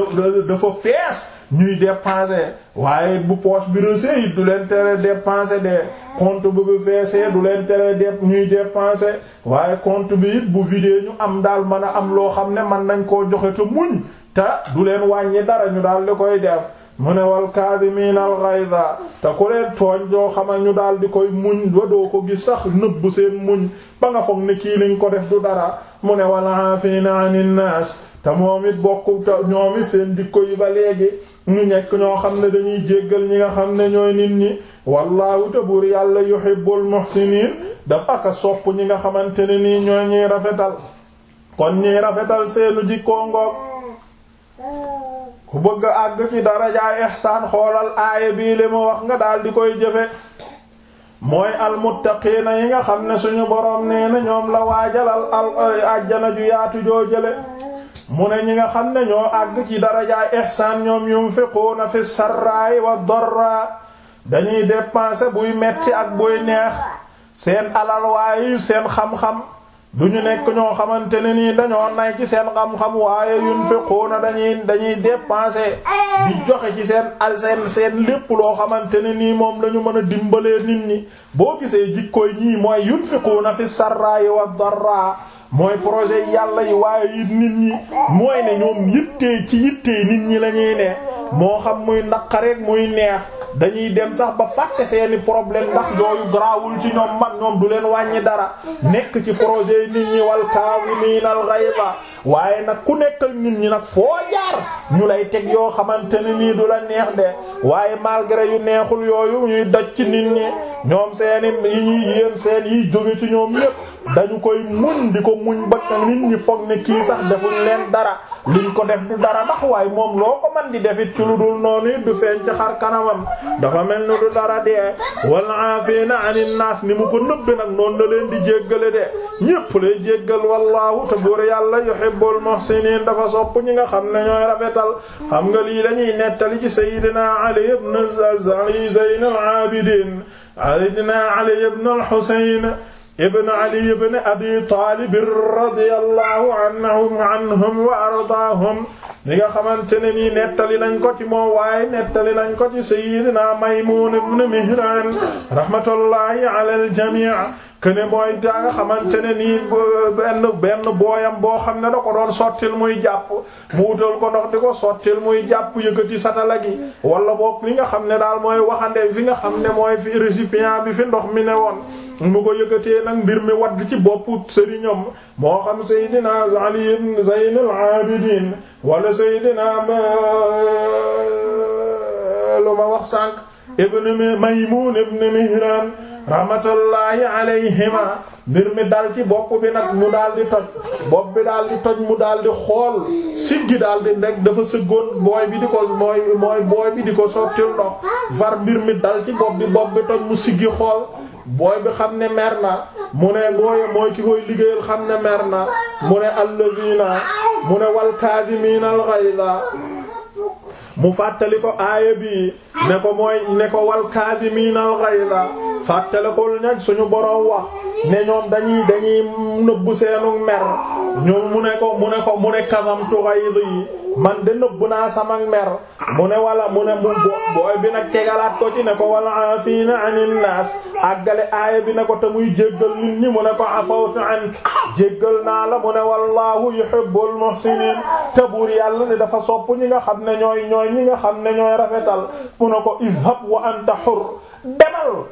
dafa fees ñuy dépenser waaye bu poche bi resee du leen tere dépenser de compte bu bu feesee du leen tere de ñuy dépenser waaye compte bi it bu vidé ñu am daal mën a am loo xam ne man nañ koo joxe te muñ te du leen wàññi dara ñu daal di koy def mu ne wal kaadimiina al ghayza te ku leen tooñ joo xamal ñu daal di koy muñ ba doo ko gis sax nëbb seen muñ ba nga foog ne kii liñ ko def du dara mu ne wal aafiina anin naas te moom it bokku te ñoom seen dikko yi ba léegi ñu nekk ñoo xam ne dañuy jéggal ñi nga xam ne ñooy nit ñi wallaahu te buur yàlla yuhibbul muhsiniin dafa ka sopp ñi nga xamante ne nii ñooy ñuy rafetal kon ñuy rafetal seenu jikkoo ngoog ku bëgg a àgg ci darajaay ihsaan xoolal aaya bii li mu wax nga daal di koy jëfe mooy almuttaqiina yi nga xam ne suñu boroom nee na ñoom la waajalal al ajjana ju yaatu joo jële mu ne ñi nga xam ne ñoo àgg ci darajaay ihsaan ñoom yunfiquuna fi sarraay wa dorra dañuy dépenser buy metti ak buy neex seen alal waaye seen xam-xam du ñu nekk ñoo xamante ne nii dañoo nay ci seen xam-xam waaye yunfiquuna dañuy dañuy dépenser di joxe ci seen al seen seen lépp loo xamante ne nii moom lañu mën a dimbalee nit ñi boo gisee jikkooy ñii mooy yunfiquuna fi sarraay wa dorra mooy projet yàlla yi waaye yit nit ñi mooy ne ñoom yittee ci yittee nit ñi la ñuy ne moo xam muy naqareek muy neex dañuy dem sax ba fàtte seeni problème ndax yooyu garaawul ci ñoom mag ñoom du leen wàññi dara nekk ci projet yi nit ñi wal kaazimiina al ghayza waaye nag ku nekkal nit ñi nag foo jaar ñu lay teg yoo xamante ne nii du la neex de waaye malgré yu neexul yooyu ñuy daj ci nit ñi ñoom seeni yi ñuy yéen seen yiy jóge ci ñoom lépp dañu koy muñ di ko muñ ba nit ñi foog ne kii sax deful leen dara liñ ko def du dara ndax waaye moom loo ko man di defit ci lu dul noonu du feeñ ci xar kanamam dafa mel ni du dara dee wal aafina anin naas ni mu ko nëbbe nag noonu na leen di jéggale de ñépp lay jéggal wallaahu te buur yàlla yuhibbul muhsinin dafa sopp ñi nga xam ne ñooy rabetal xam nga lii dañuy nettali ci sayyidina Ali ibn Zaynul Abidin sayyidina Ali ibn al-Husayn ibn ali ibn abi taalib radiyallahu anhum anhum wa ardaahum mi nga xamante ne nii nettali nañ ko ci moom waaye nettali nañ ko ci sayyidina maymuun ibn mihraan rahmatullahi ala al jamii këne mooy daa xamante ne benn benn booyam boo xam ne da ko doon sottil muy jàpp mu wutal ko ndox di ko sottil muy jàpp yëkkati satala gi wala boog li nga xam ne daal mooy waxande fi nga xam ne mooy fi récipient bi fi ndox mi ne woon mu ko yëkkatee nag mbir mi wadd ci boppu sëriñam moo xam Seydina Ali ibn Zaynul Abidin wala Seydina lu ma wax sànq ibn Maymun ibn Mihran rahmatullahi alayhima mbir mi dal ci bopp bi nag mu daal di toj bopp bi daal di toj mu daal di xool siggi daal di nekk dafa sëggoon booy bi di ko mooy mooy booy bi di ko sottil ndox far mbir mi dal ci bopp bi bopp bi toj mu siggi xool booy bi xam ne mer na mu ne booye mooy ki koy liggéeyal xam ne mer na mu ne allazina mu ne wal kaadimiina mu fàttali ko aaya bii ne ko mooy ne ko wal kaadimiinal ghayza fàttali ko lu nekk suñu boroom wax ne ñoom dañuy dañuy nëbb seenu mer ñoom mu ne ko mu ne ko mu ne kasamtu ghayzi yi man de nëbb naa sama mer mu ne wala mu ne mu booy bi nag tegalaat ko ci ne ko wal aafiina anin naas àggale aaya bi ne ko te muy jéggal nit ñi mu ne ko afawtu ank jéggal naa la mu ne wallahu yuhibbul muhsinin te buur yàlla ne dafa sopp ñi nga xam ne ñooy ñooy ñi nga xam ne ñooy rafetal mu ne ko izhab wa anta hur demal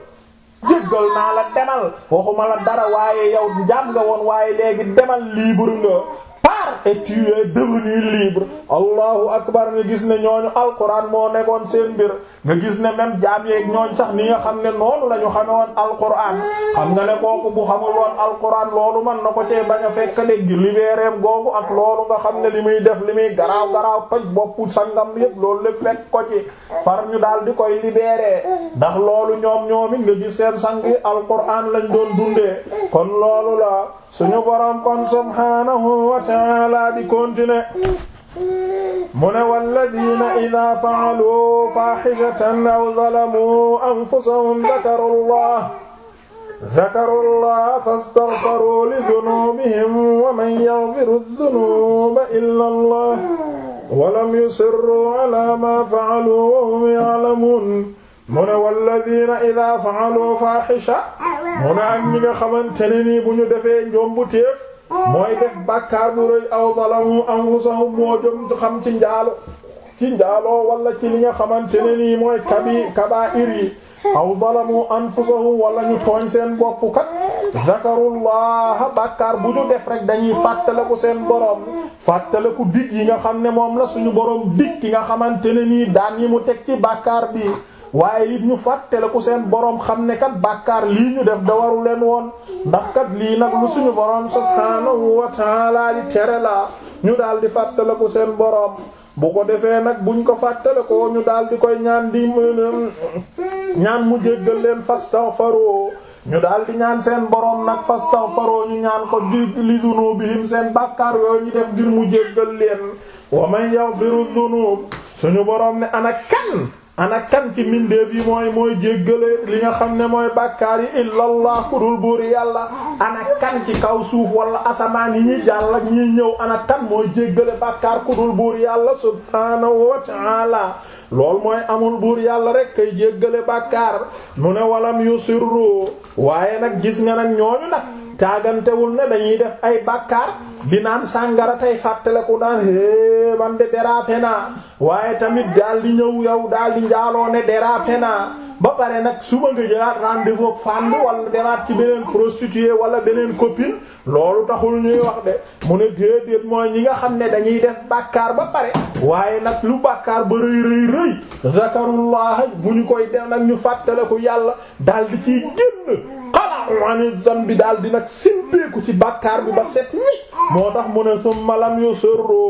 jéggal naa la demal waxuma la dara waaye yow jaam nga woon waaye léegi demal libre nga part et tu es devenu libre allahu akbar nga gis ne ñooñu alquran moo nekkoon seen mbir nga gis ne même jaam yeeg ñooñ sax ni xam ne noonu la ñu xame woon alquran xam nga ne kooku bu xamul woon alquran loolu man na ko cee bañ a fekk léegi libéreem googu ak loolu nga xam ne li muy def li muy garaaw garaaw toj boppu sangam yépp loolu lépp fekk ko ci far ñu daal di koy libéré ndax loolu ñoom ñoomit nga gis seen sang yi alquran lañ doon dundee kon loolu la suñu borom kon subhaanahu wa ta'aala di continuer mu ne walladiina idaa fa'aluu faaxishatan aw zalamuu anfusahum dakarullaah dakarullaah fastaghfaruu lidunuubihim wa man yaghfiru dunuuba illaa allaah wa lam yusirruu alaa maa fa'aluu wa hum ya'lamuun mu ne walladina ida faalu faaxisha mu ne ak ñi nga xamante ne nii bu ñu defee njombu téef mooy def bàkkaar bu rëy aw zalamu anfusahum moo jëm xam ci njaalo ci njaaloo wala ci li nga xamante ne nii mooy kabi kabaa'ir yi aw zalamu anfusahum wala ñu tooñ seen bokku kat zakarullaha bàkkaar bu ñu def rek dañuy fàttaliku seen borom fàttaliku dig yi nga xam ne moom la suñu borom dig ki nga xamante ne nii daan yi mu teg ci bàkkaar bi waaye it ñu fàttaliku seen boroom xam ne kat bàkkaar lii ñu def da waru leen woon ndax kat lii nag lu suñu borom subhaanahu wa ta'ala li tere la ñu daal di fàttaliku seen borom bu ko defee nag buñ ko fàttalikoo ñu daal di koy ñaan di ñaan mu jéggal leen fastaghfaru ñu daal di ñaan seen borom nag fastaghfaru ñu ñaan ko di li dunubihim seen bàkkaar yooyu ñu def ngir mu jéggal leen wa man yaghfiru dunub suñu boroom ne ana kan ana kan ci mindeef yi mooy mooy jéggale li nga xam ne mooy bàkkaar yi illallah ku dul buur yàlla ana kan ci kaw suuf wala asamaan yi ñuy jàll ñëw ana kan mooy jéggale bàkkaar ku dul buur yàlla subhaanahu wa ta'ala lool mooy amul buur yàlla rek kay jéggale bàkkaar mu ne walam yusirru waaye nag gis nga nag ñooñu nag taagantewul ne dañuy def ay bàkkaar di naan sàngara tey fàttaleku naan hee man de dérape naa waaye tamit daal di ñëw yow daal di njaaloo ne dérape naa ba pare nag suba nga jëlaat rendez-vous fànn wala demaat ci beneen prostituée wala beneen copine loolu taxul ñuy wax de mu ne déedéet mooy ñi nga xam ne dañuy def bàkkaar ba pare waaye nag lu bàkkaar ba rëy rëy rëy zakarullah bu ñu koy def nag ñu fàttaleku yàlla daal di ciy génn xalaaxu ani bi daal di nag ci bakkaar bi ba set wecc moo tax mu ne summa lam yusirru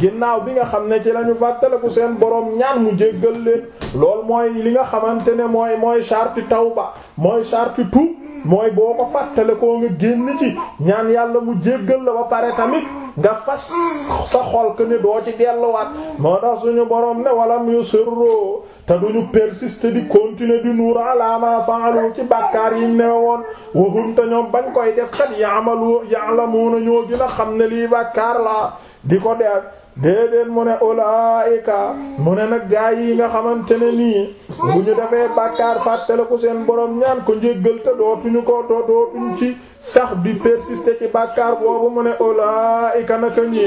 ginnaaw bi nga xam ne ci lañu fàttaliku seen boroom ñaan mu jéggal leen lool mooy li nga xamante ne mooy mooy taw tawba mooy sarti tuub mooy boo ko fàttale koo nga génn ci ñaan yàlla mu jéggal la ba pare tamit nga fas sa xol que ne doo ci delluwaat moo tax suñu borom ne walam yu sirru te duñu persister di continuer di nuur ala ma fa'alu ci bàkkaar yi ne woon waxum te ñoom bañ koy def kat ya'malu na ñoo gën a xam ne lii bàkkaar la di ko def déedéet mu ne ulaayika mu ne nag gaa yi nga xamante ne nii bu ñu defee bàkkaar fàttaliku seen borom ñaan ko njéggal te dootuñu ko to ci sax bi persister ci bàkkaar boobu mu ne ulaayika naka ñi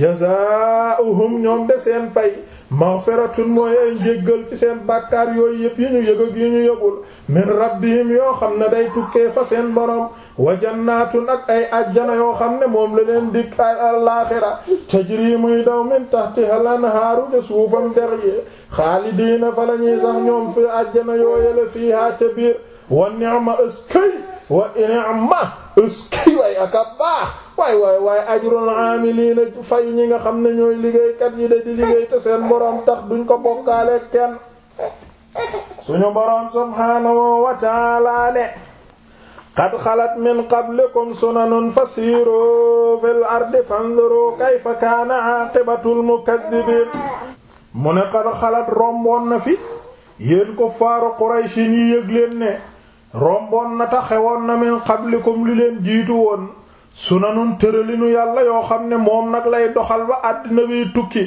jazaa'uhum ñoom de seen pay maghfiratun mooy ay njéggal ci seen bakkaar yooyu yëpp yi ñu yëg ñu yëgul min rabbihim yoo xam ne day tukkee fa seen borom wa jannaatun nag ay ajjana yoo xam ne moom la leen dikk ay àllaaxira tajri muy daw min tahtiha lanhaaru de suufam der yi xaalidiina fa la ñuy sax ñoom fi ajjana yooyele fiihaa ca biir wa ni'ma wa ni'ma ëskay way aka baax waay waay waaye ajrul aamiliina fay ñi nga xam ne ñooy liggéeykat yi de di liggéey te seen boroom tax duñ ko bokkaale kenn suñu boroom subhaanahu wa ta'aala ne qad xalat min qablikum sunanun fasiiru fil ardi fanzuru kayfa kaana aaqibatul mukazzibiin mu ne qad xalat romboon na fi yéen kuffaaru Quraysh yi yëg leen ne romboon na ta xewoon na min qablikum li leen jiitu woon su sunanun tëralinu yàlla yoo xam ne moom nag lay doxal ba àddina bi tukki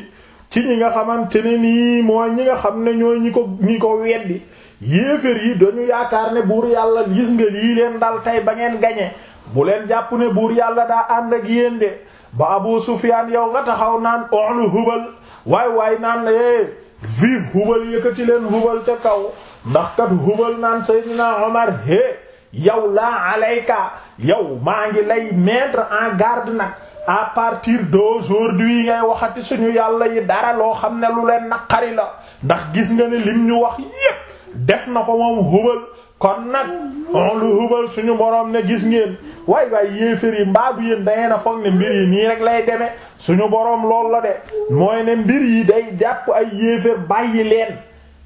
ci ñi nga xamante ne nii moo ñi nga xam ne ñooy ñi ko ñi ko weddi yéeféer yi dañu yaakaar ne buur yàlla gis nga lii leen dal tey ba ngeen gañe bu leen jàpp ne buur yàlla daa ànd ak yéen de ba Abu Sufyaan yow nga taxaw naan onlu hubal waay waay naan eh vive hubal yëkkati leen hubal ca kaw ndax kat hubal naan Seydina Omar hé eh, yow laa alayka yow maa ngi lay mettre en garde nag à partir d'aujourd'hui ngay waxati suñu yàlla yi dara loo xam ne lu leen naqari la ndax gis nga ne lim ñu wax yépp def na ko moom hubal kon nag on lu hubal suñu borom ne gis ngeen waay waay yéefér yi mbaadu yéen da na a foog ne mbir yi nii rek lay demee suñu boroom lool la de mooy ne mbir yi day jàpp ay yéefér bàyyi leen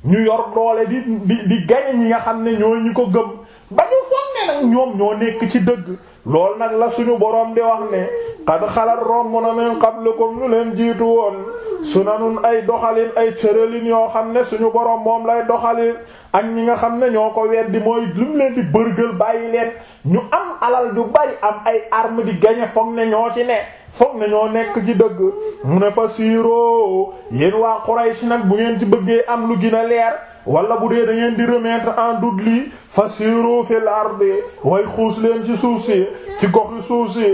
ñu yor doole di di di gañe nga xam ne ñoo ñi ko gëm ba ñu fonne nag ñoom ñoo nekk ci dëgg loolu nag la suñu boroom di wax ne qad xalat romb na min qablikum lu leen jiitu woon su sunanun ay doxalin ay cëralin yoo xam ne suñu boroom moom lay doxalin ak ñi nga xam ne ñoo ko weddi mooy lu mu leen di bërgël bàyyi leen ñu am alal ju bari am ay arme di gañe foog ne ñoo ci ne foog ne ñoo nekk ci dëgg mu ne fa siiroo yéen waa Quraysh nag bu ngeen ci bëggee am lu gën a leer wala bu dee da ngeen di remettre en doute lii fasiru fil ardi way xuus leen ci suuf si ci goxi suuf si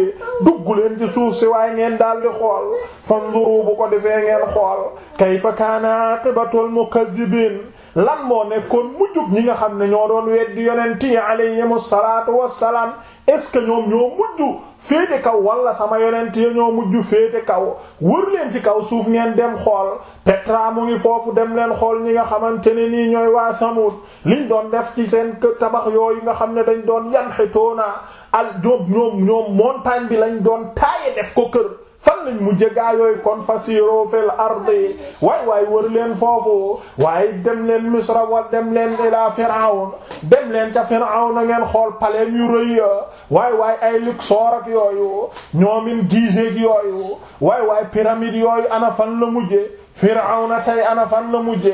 dugg leen ci suuf si waaye ngeen daal di xool fanzuru bu ko defee ngeen xool kayfa kaana aqibatul mukazzibin lan moo nekkoon mujjug ñi nga xam ne ñoo doon weddi yonent yi alayhimu salaatu wassalaam est-ce que ñoom ñoo mujj féete kaw wala sama yonent ya ñoo mujj féete kaw wër leen ci kaw suuf ngeen dem xool Petra mu ngi foofu dem leen xool ñi nga xamante ne nii ñooy waa Samud liñ doon def ci seen tabax yooyu nga xam ne dañ doon yan xitoona al ñoom ñoom ñoom montagne bi lañ doon taaye def ko kër fan lañ mujje gaa yooyu kon fasiru fil ardi waay waay wër leen foofu waaye dem len misra wa dem len ila firawn dem leen ca firawn na ngeen xool paleem yu rëy ya waay waay ay Luxor ak yooyu ñoomin giseeg yooyu waay waay pyramide yooyu ana fan la mujje firawna tey ana fan la mujje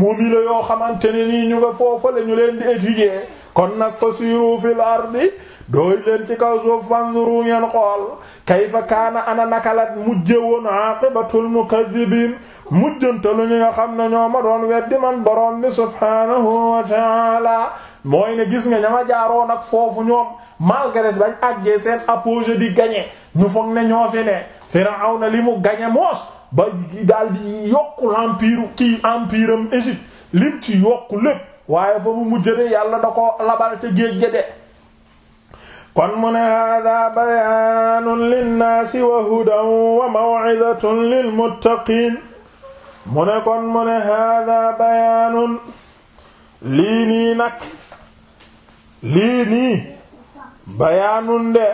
momi la yoo xamante ne nii ñu nga foofa la ñu leen di étudier kon nag fasiru fil ardi dooy leen ci kaw suuf fanzuru ngeen xool kayfa kaana ana naka la mujje woon aqibatul mukazzibiin mujjantalu ñi nga xam ne ñoo ma doon weddi man borom bi subhaanahu wa taala mooy ne gis nga ñama jaaroon foofu ñoom malgré bañ àggee seen apogée di gagné ñu foog ne ñoo fi ne Firawna li mu gagné moos ba daal di yokku l'empire kii empire am lim ci yokku lépp waaye fa mu mujjëde yàlla da ko labal ca géej de kon mu ne hada bayaanun linnaasi wa hudan wa maw'izatun lilmuttaqiin mu ne kon mu ne hada bayaanun lii nii nag lii nii bayaanun de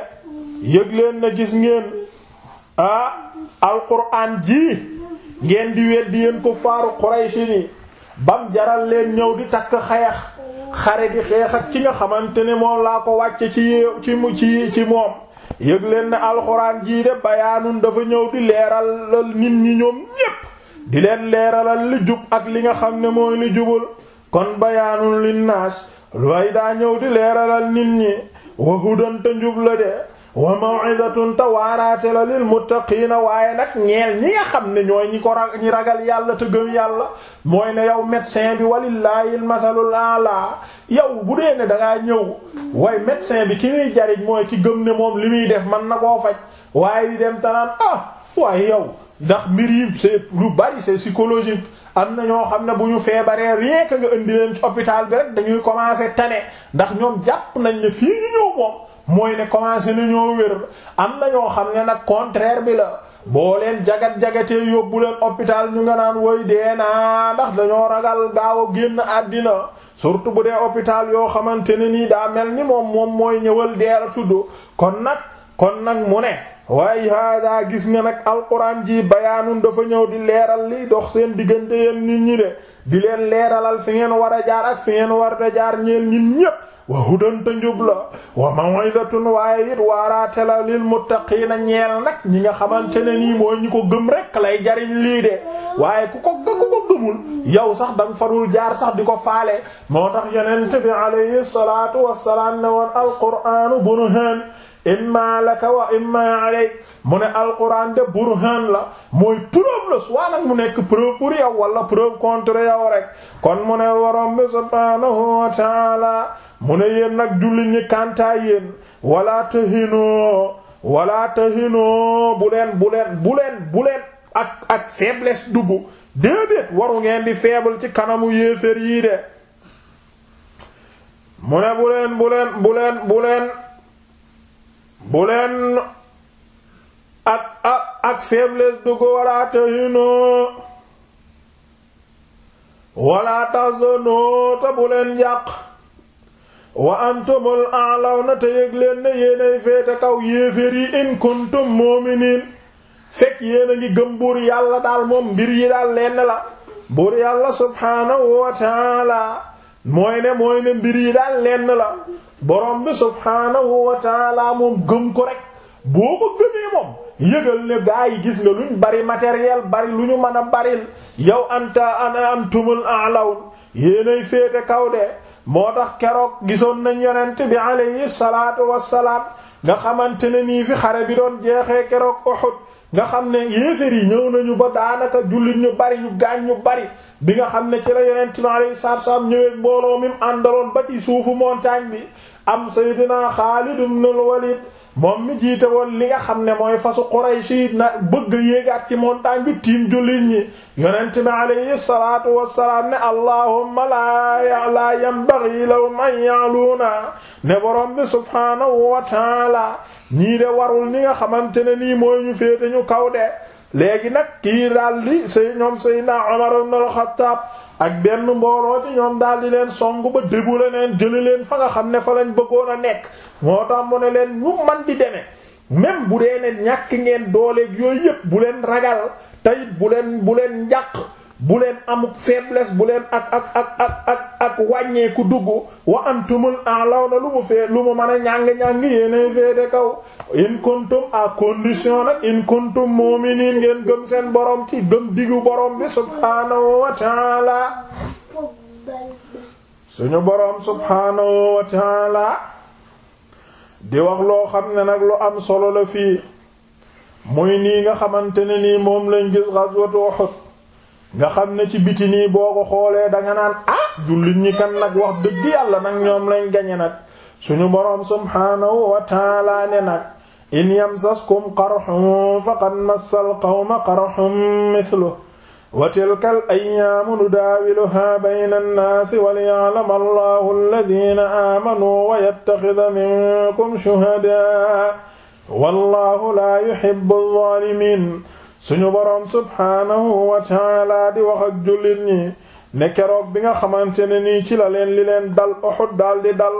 yëg leen na gis ngeen ah alquraan ji ngeen di weddi kuffaaru Quraysh bam jaral leen ñëw di takk xeex xare di xeex ak ci nga xamante ne moom laa ko wàcce ci ci ci moom yëg leen ne alxuraan jii de bayaanun dafa ñëw di leeralal nit ñi ñoom ñépp di leen leeralal li jub ak li nga xam ne mooy li jubul kon bayaanun linnaas looy daa ñëw di leeralal nit ñi wa hudan njub la de waa maw'izatun te waaraate la lil muttaqiina waaye nag ñeel ñi nga xam ne ñooy ñi ko ra ñi ragal yàlla te gëm yàlla mooy ne yow médecin bi walillahi almasalul ala yow bu dee ne da ñëw way médecin bi ki muy jariñ mooy ki gëm ne moom li muy def man na koo faj waaye di dem tanaan ah waaye yow ndax mbir yi c'est lu bari c'est psychologique am na ñoo xam ne bu ñu feebaree rien que nga indi leen ci hôpital bi rek dañuy commencer tane ndax ñoom jàpp nañ ne fii ñu ñëw moom. mooy ne commencé na ñoo wér am na ñoo xam ne nag contraire bi la boo leen jagat-jagatee yóbbu leen hôpital ñu nga naan woy dee naa ndax dañoo ragal gaaw a génn àddina surtout bu dee hôpital yoo xamante ne nii daa mel ni moom moom mooy ñëwal deera tudd kon nag kon nag mu ne waaye hada gis nga nag alquran ji bayaanun dafa ñëw di leeral liy dox seen diggante yeen nit ñi de di leen leeralal fi ngeen war a jaar ak fi ngeen war a jaar ñeen nit ñépp wa hudan ta njub la wa maw'izatun waaye it waaraate la lil muttaqiina ñeel nag ñi nga xamante ne nii mooy ñi ko gëm rek lay jariñ lii de waaye ku ko ku ko gëmul yow sax danga farul jaar sax di ko faale moo tax yeneen bi alayhi salaatu wassalaam ne woon alqur'aanu burhaan imma laka wa imma alay mu ne alquran de burhan la muy preuve la soit mu nekk preuve pour yow wala preuve contre yow rek kon mu ne warom bi subhanahu wa taala mu ne yéen nag jullit ñi kantaa yéen wala tahinoo wala tahinoo bu leen bu leen bu ak ak faiblesse dugg déedéet waru ngeen di faible ci kanamu yéefér yii de mu ne bu leen bu bu leen ak ak ak faiblesse du ko wala tahinu wala tahzanu te bu leen yàq wa antumul a'lawna te yëg leen ne yéenay féete kaw yéeféer yi in kuntum mu'minin fekk yéen a ngi gëm buur yàlla daal moom mbir yi daal lenn la buur yàlla subhaanahu wa ta'ala mooy mbir yi daal lenn la borom bi subhaanahu wa taala moom gëm ko rek boo ko gëmee moom yëgal ne gaa yi gis nga luñ bari matériel bari lu ñu mën a baril yow anta ana antumul a'lawn yéenay féete kaw de moo tax keroog gisoon nañ yonent bi alayhi salaatu wassalaam nga xamante ne nii fi xare bi doon jeexee keroog Uhud nga xam ne yéefér yi ñëw nañu ba daanaka jullit ñu bari ñu gaañ ñu bari bi nga xam ne ci la yonent bi alayhi salaatu wassalaam ñëwee mbooloo mi àndaloon ba ci suufu montagne bi am Seydina Xaalid ibn al moom mi jiite won li nga xam ne mooy fasu Quraysh na bëgg yéegaat ci montagne bi tiim jullit ñi yonent bi alayhi salaatu wassalaam ne allahumma la la yanbaghi lahum an ya'luna ne borom bi subhaanahu wa taala ñii de warul ni nga xamante ne nii mooy ñu féete ñu kaw de léegi nag kii daal li say ñoom Seydina Umar ibn al-Khattab ak benn mbooloo ci ñoom daal di leen song ba débu la neen jëli leen fa nga xam ne fa lañ bëggoon a nekk moo tax mu ne leen ñu man di demee même bu dee ne ñàkk ngeen dooleeg yooyu yëpp bu leen ragal tayit bu leen bu leen njàq bu leen amuk faiblesse bu leen ak ak ak ak ak ak wàññeeku dugg wa antumul a'lawna lu mu fee lu mu mën a ñàng-ñàng yéenay féete kaw in kuntum à condition nag in kuntum mu'minin ngeen gëm seen boroom ci gëm diggu borom bi subhaanahu wa suñu borom subhaanahu wa di wax loo xam ne nag lu am solo la fii muy nii nga xamante ne nii moom lañ gis ghazwatu Uhud nga xam ne ci biti nii boo ko xoolee danga naan ah jullit ñi kan nag wax dëgg yàlla nag ñoom lañ gañe nag suñu boroom subhaanahu wa taala ne nag in yamsaskum qarhun faqad massal qawma qarhun mithluhu wa tilka al ayyaamu nudaawiluhaa bayna an-naasi wa liya'lama allahu alladhiina aamanuu wa yattakhidha minkum shuhadaa wallahu laa yuhibbu adh-dhaalimiin suñu boroom subhaanahu wa ta'ala di wax ak jullit ñi ne keroog bi nga xamante ne nii ci la leen li leen dal Uhud daldi dal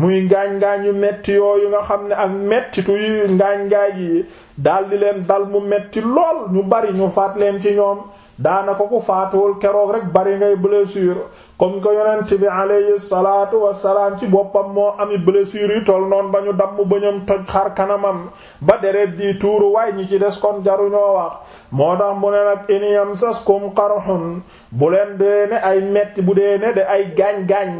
muy ngaañ-ngaañ yu metti yooyu nga xam ne ak mettitu yu ngaañ-ngaañ yi dal di leen dal mu metti lool ñu bari ñu faat leen ci ñoom daanaka ku faatuwul keroog rek bari ngay blessure comme ko yonent bi alayhi salaatu wassalaam ci boppam moo ami blessure yi toll noon ba ñu damm bëñam toj xar kanamam ba deret di tuuru waay ñi ci des kon jaruñoo wax moo tax mu ne nag in yamsaskum qarhun bu leen dee ne ay metti bu dee ne de ay gaañ-gaañ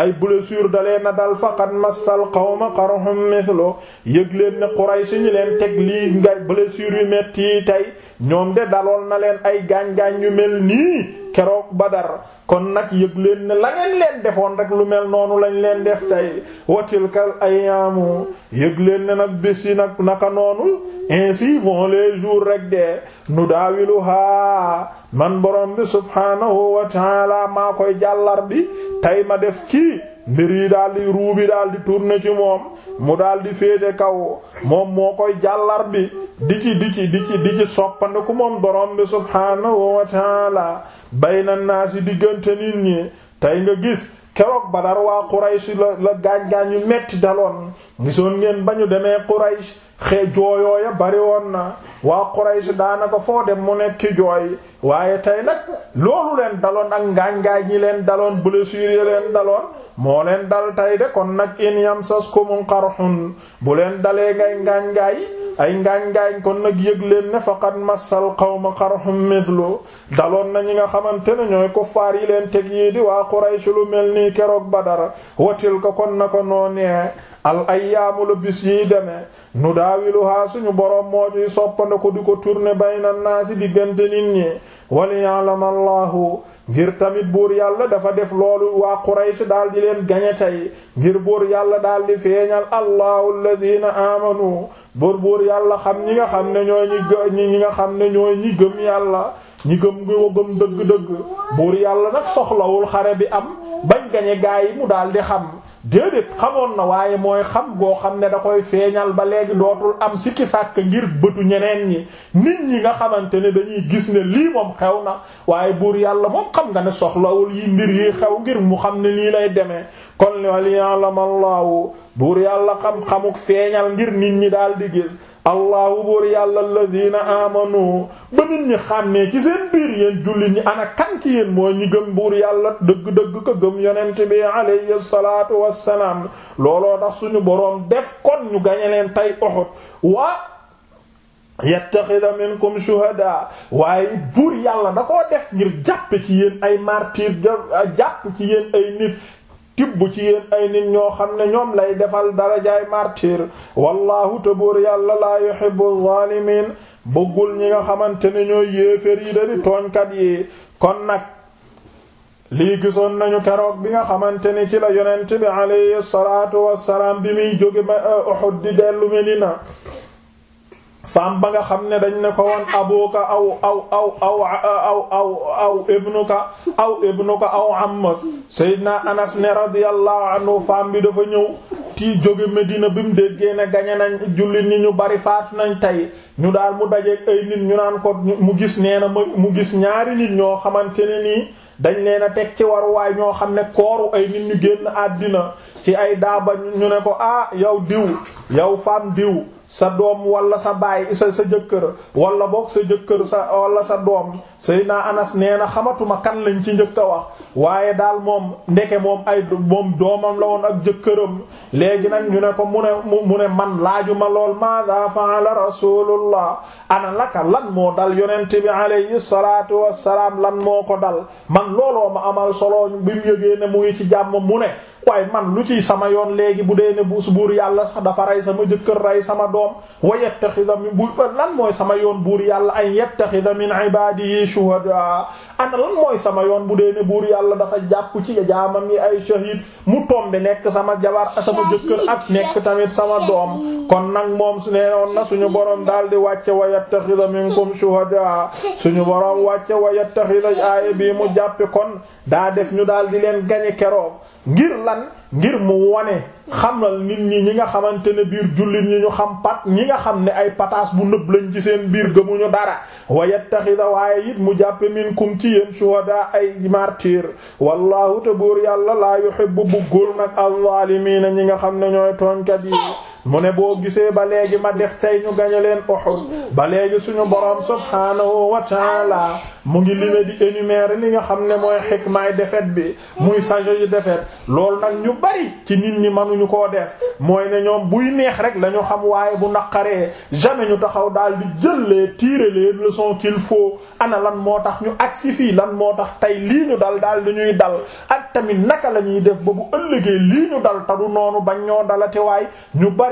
ay blessure dalee na dal faqad massal qawma qarhun mithlu yëg leen ne Quraysh ñi leen teg lii nga blessure yu metti yi tey ñoom de daloon na leen ay gaañ-gaañ yu mel nii keroog Badar kon nag yëg leen leen defoon rek lu mel noonu lañ leen def tey watilkal ayaamu yëg ne nag bés yi nag naka noonu ainsi vont les jours rek de nu daawilu haa man borom bi subhaanahu wa taala maa koy jàllar bi tey ma def kii mbir yi daal di ruubi daal di tourner ci moom mu daal di féete kaw moom moo koy jàllar bi di ci di ci di ci di ci borom bi subhaanahu wa taala bayna naasi diggante nit ñi tey nga gis keroog Badar waa Quraysh la la gaañ-gaañ yu metti daloon gisoon ngeen ba ñu demee Quraysh xe jooyoo ya bari woon na waa Quraysh daanaka foo dem mu nekk jooy waaye tey nag loolu leen daloon ak ngaañ-ngaañ ñi leen daloon blessure yi leen daloon moo leen dal tey de kon nag in yamsaskumun qarhun bu leen dalee ngay ngaañ-ngaayi ay ngaañ-ngaañ kon nag yëg leen ne faqad massal qawma qarhum mithlu daloon na ñi nga xamante ne ñooy kuffaar yi leen teg yii di waa Quraysh lu mel nii keroog dara watil ko kon na ko noo nee al ayyaamu la bis yiy demee nu daawiluhaa suñu borom moo ciy soppana ko di ko tourner bayna naasi diggante nit ñi waliya'lam allahu ngir tamit buur yàlla dafa def loolu waa Quraysh daal di leen gañe tey ngir buur yàlla daal di feeñal allahu alladhina amanu buur buur yàlla xam ñi nga xam ne ñooy ñi ñi nga xam ne ñooy ñi gëm yàlla ñi gëm ngi gëm dëgg-dëgg buur yàlla nag soxlawul xare bi am bañ gañe yi mu daal di xam déedéet xamoon na waaye mooy xam goo xam ne da koy feeñal ba léegi dootul am sikki sàkk ngir bëtu ñeneen ñi nit ñi nga xamante ne dañuy gis ne lii moom xew na waaye buur yàlla moom xam nga ne soxlawul yi mbir yi xew ngir mu xam ne nii lay demee kon wali ya'lamallahu buur yàlla xam-xamuk feeñal ngir nit ñi daal di gis allahu buur yàlla alladina amanu ba nit ñi xàmmee ci seen biir yéen jullit ñi ana kan ci yéen mooy ñi gëm buur yàlla dëgg-dëgg ko gëm yonent bi alayhi salaatu wassalaam looloo tax suñu boroom def kon ñu gañe leen tey Uhud waa yattaxida minkum shuhada waaye buur yàlla da koo def ngir jàpp ci yéen ay martyr jàpp ci yéen ay nit tibb ci yéen ay nit ñoo xam ne ñoom lay defal darajaay martir wallahu tabóor yàlla laa yuhibbu zalimin bëggul ñi nga xamante ne ñooy yéefér yi da di tooñkat yi kon nag lii gisoon nañu keroog bi nga xamante ni ci la yonent bi alayhi salaatu wassalaam bi muy jóge ma euh, Uhud di dellu femme ba nga xam ne dañ ne ko woon abuka aw aw aw aw aw aw aw ibnuka aw ibnuka aw ammak Seydina Anas ne radiyallahu anhu femme bi dafa ñëw tii jóge Medina bi mu déggee ne gañe nañ jullit ñi ñu bari faatu nañ tey ñu daal mu dajeek ay nit ñu naan ko mu gis nee na mu gis ñaari nit ñoo xamante ne nii dañ leen a teg ci waruwaay ñoo xam ne kooru ay nit ñu génn àddina ci ay daaba ñu ne ko ah yow diw yow femme diw sa doom wala sa baay sa sa jëkkër wala book sa jëkkër sa wala sa doom Seydina Anas nee na xamatuma kan lañ ci njëkk a wax waaye daal moom ndeke moom ay moom doomam la woon ak jëkkëram léegi nag ñu ne ko mu ne mu ne man laajuma lool maa maada fa'ala rasulullah ana laka lan moo dal yonent bi alayhi salatu wassalaam lan moo ko dal man looloo ma amal solo ñu mu yëgee ne mu ngi ci jàmm mu ne waaye man lu ciy sama yoon léegi bu dee ne bu buur yàlla sax dafa rey sama jëkkër rey sama doom wa yattaxida min bu lan mooy sama yoon buur yàlla ay yattaxida min ibadihi shuhada ana lan mooy sama yoon bu dee ne buur yàlla dafa jàpp ci jaamam yi ay shahid mu tombe nekk sama jabar sama jëkkër ak nekk tamit sama doom kon nag moom su ne na suñu borom daal di wàcce wa yattaxida minkum shuhada suñu borom wàcce wa yattaxida aaya bii mu jàppe kon daa def ñu daal di leen gañe keroog ngir lan ngir mu wone xamal nit ñi ñi nga xamante ne biir jullit ñi ñu xam pat ñi nga xam ne ay pataas bu nëb lañ ci seen biir gëmuñu dara wa yattaxida waaye it mu jàppe minkum ci yéen shuhada ay martyr wallahu te buur yàlla laa yuhibbu buggul nag al-zaalimiina ñi nga xam ne ñooy tooñkat yi mu ne boo gisee ba léegi ma def tey ñu gañe leen Uhud ba léegi suñu borom subhaanahu wa taala mu ngi limé di énumérer li nga xam ne mooy xikmaay defet bi muy sajo yi defet lool nag ñu bari ci nit ñi mënuñu ko def mooy ne ñoom buy neex rek la ñu xam waaye bu naqaree jamais ñu taxaw daal di jël les tirer les leçons qu'il faut ana lan moo tax ñu agsi fii lan moo tax tey lii ñu dal daal di ñuy dal ak tamit naka la ñuy def ba bu ëllëgee lii ñu dal ta du noonu bañ ñoo dalate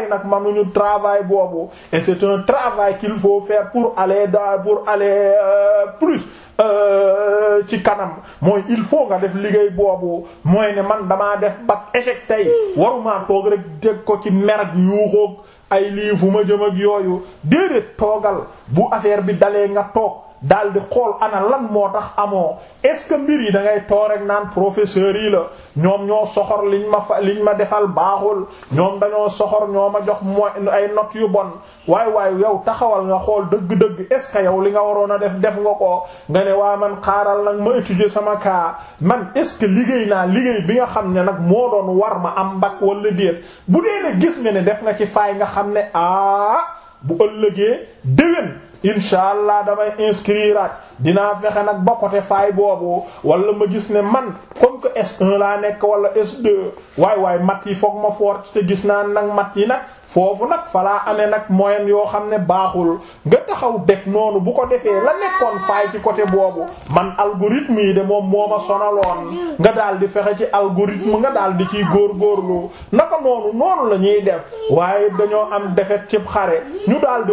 bari nag mënuñu travail boobu et c'est un travail qu'il faut faire pour ale da pour aller euh, plus euh, ci kanam mooy il faut nga def liggéey boobu mooy ne man damaa def bac échec tey waruma toog rek dégg ko ci mer ak yuuxoog ay lii fu jëm ak yooyu déedéet toogal bu affaire bi dalee nga toog. daal di xool ana lan moo tax amoo est-ce que mbir yi da ngay too rek naan professeurs yi la ñoom ñoo soxor liñ ma fa liñ ma defal baaxul ñoom dañoo soxor ñoo ma jox mooy ay not yu bon waay waay yow taxawal nga xool dëgg-dëgg est-ce que yow li nga waroon a def def nga ko nga ne waa man xaaral nag ma étudier sama cas man est-ce liggéey naa liggéey bi nga xam ne nag moo doon war ma am mbag wala déet bu dee ne gis nga ne def nga ci faay nga xam ne ah bu ëllëgee déwén. incha allah damay inscrire ak dinaa fexe nag ba côté faay boobu wala ma gis ne man comme que s laa nekk wala S2 waaye mat yi foog ma foor te gis naa nag mat yi nag foofu nag falaa amee nag moyen yoo xam ne baaxul nga taxaw def noonu bu ko defee la nekkoon faay ci côté boobu man algorithme yi de moom moo ma sonaloon nga daal di fexe ci algorithme nga daal di ciy góorgóorlu naka noonu noonu la ñuy def waaye dañoo am defet cib xare ñu daal di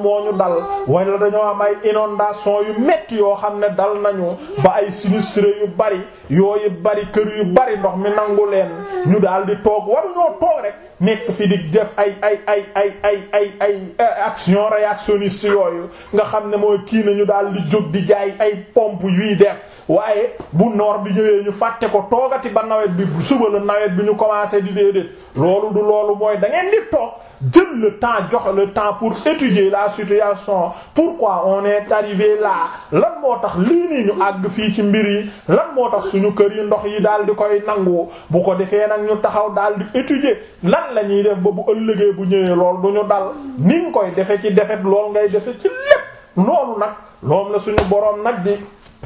moo ñu dal dal wala dañoo am ay inondation yu metti yoo xam ne dal nañu ba ay sinistre yu bari yooyu bari kër yu bari ndox mi nangu leen ñu daal di toog waruñoo toog rek nekk fi di def ay ay ay ay ay ay ay action réactionniste yooyu nga xam ne moo kii nañu daal di jóg di jaay ay pompe yuy def waaye bu noor bi ñëwee ñu fàtte ko toogati ba nawet bi suba la nawet bi ñu commencé di déedéet loolu du loolu mooy da ngeen di toog jël le temps joxe le temps pour étudier la situation pourquoi on est arrivé la lan moo tax lii nii ñu àgg fii ci mbir yi lan moo tax suñu kër yi ndox yi daal di koy nangu bu ko defee nag ñu taxaw daal di étudier lan la ñuy def ba bu ëllëgee bu ñëwee lool du ñu dal ni koy defe ci defet lool ngay defe ci lépp loolu nag loolu la suñu boroom nag di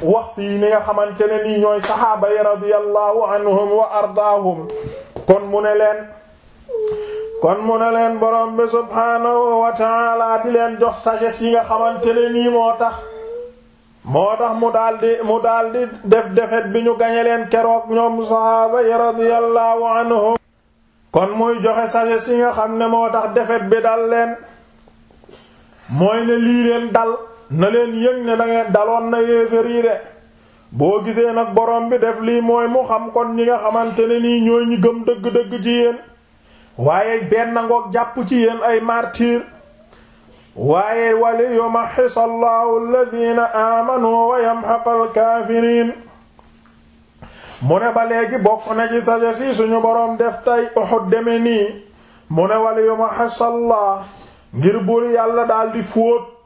wax fii ni nga xamante ne nii ñooy saxaaba yi radiyallahu anhum wa ardaahum kon mu ne leen kon mu ne leen borom bi subhaanahu wa ta'ala di leen jox sagesse yi nga xamante ne nii moo tax moo tax mu daldi mu daldi def défaite bi ñu gañe leen keroog ñoom saxaaba yi radiyallahu anhum kon muy joxe sagesse yi nga xam ne moo tax défaite bi dal leen mooy ne lii leen dal na leen yëg ne da daloon na yéefér boo gisee nag borom bi def lii mooy mu xam kon ñi nga xamante ne nii ñooy ñi gëm dëgg-dëgg ci yéen waaye benn ngoog jàpp ci yéen ay martyr waaye wali yumaxis allahu alladina aamanu wa yamxaqal kaafiriin mu ne ba léegi bokk na ci sagesse suñu boroom def tey Uhud deme nii mu ne wali yumaxis allah ngir buur yàlla daldi fóot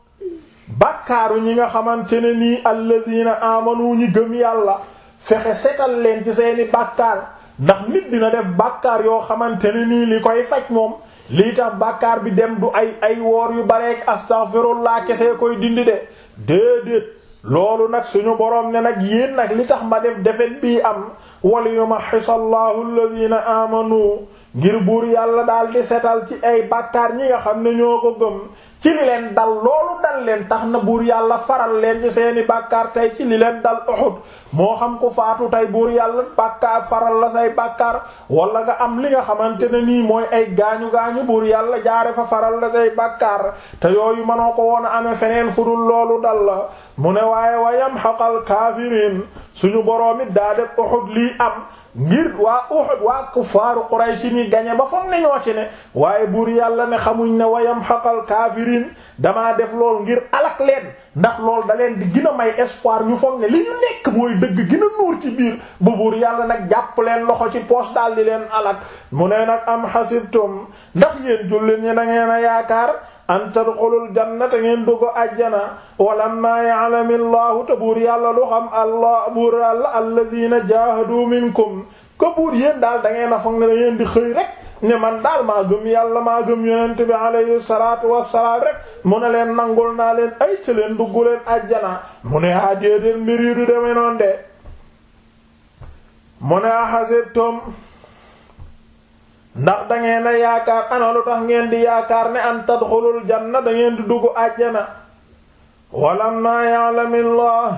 bàkkaaru ñi nga xamante ne nii alladina amanu ñi gëm yàlla fexe setal leen ci seeni bàkkaar ndax nit dina def bàkkaar yoo xamante ne nii li koy faj moom lii tax bàkkaar bi dem du ay ay woor yu bareek astaghfirullah kese koy dindi de déedéet loolu nag suñu boroom ne nag yéen nag li tax ma def defet bii am wal yumahhisallahu alladina amanu ngir buur yàlla daal di setal ci ay bàkkaar ñi nga xam ne ñoo ko gëm ci li leen dal loolu dal leen tax na buur yàlla faral leen ci seeni bàkkaar tey ci li leen dal Uhud moo xam ku faatu tey buur yàlla bàkkaar faral la say bàkkaar wala nga am li nga xamante ne nii mooy ay gaañu gaañu buur yàlla jaare fa faral la say bàkkaar te yooyu noo ko woon a amee feneen fu dul loolu dal la mu ne waaye wayam xaqal kaafiriin suñu boroom it daa def Uhud lii am ngir waa Uhud waa kuffaaru Quraysh ni gañe ba foog ne ñoo ci ne waaye buur yàlla ne xamuñ ne wayam xaqal kaafiriin damaa def lool ngir alak leen ndax lool da leen di gën a may espoir ñu foog ne li ñu nekk mooy dëgg gën a nuur ci biir bu buur yàlla nag jàpp leen loxo ci poos daal leen alak mu ne nag am xasibtum ndax yéen jullit ñi da ngeen a yaakaar. an tadxulul jannata ngeen dugg ajjana walammaa ya'lamu te buur yàlla lu xam allah buur yàlla alladiina jaahadu di xëy rek ne man daal maa gëm yàlla maa gëm yonent bi alayhi salaatu wassalaam rek mu ne leen nangul naa leen ay ca leen dugg leen ajjana mu ne haa déedéet mbir yi du demee noonu de mu ne ahasibtum ndax dangeen ngeen a yaakaar ana lu tax ngeen di yaakaar ne an tadxulul janna da di dugg àjjana walammaa ya'lamillah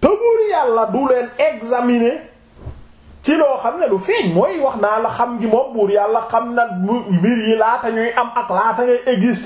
te buur yàlla du leen examiner ci loo xam ne lu feeñ mooy wax naa la xam gi moom buur yàlla xam na mbir yi laata ñuy am ak laata ngay exister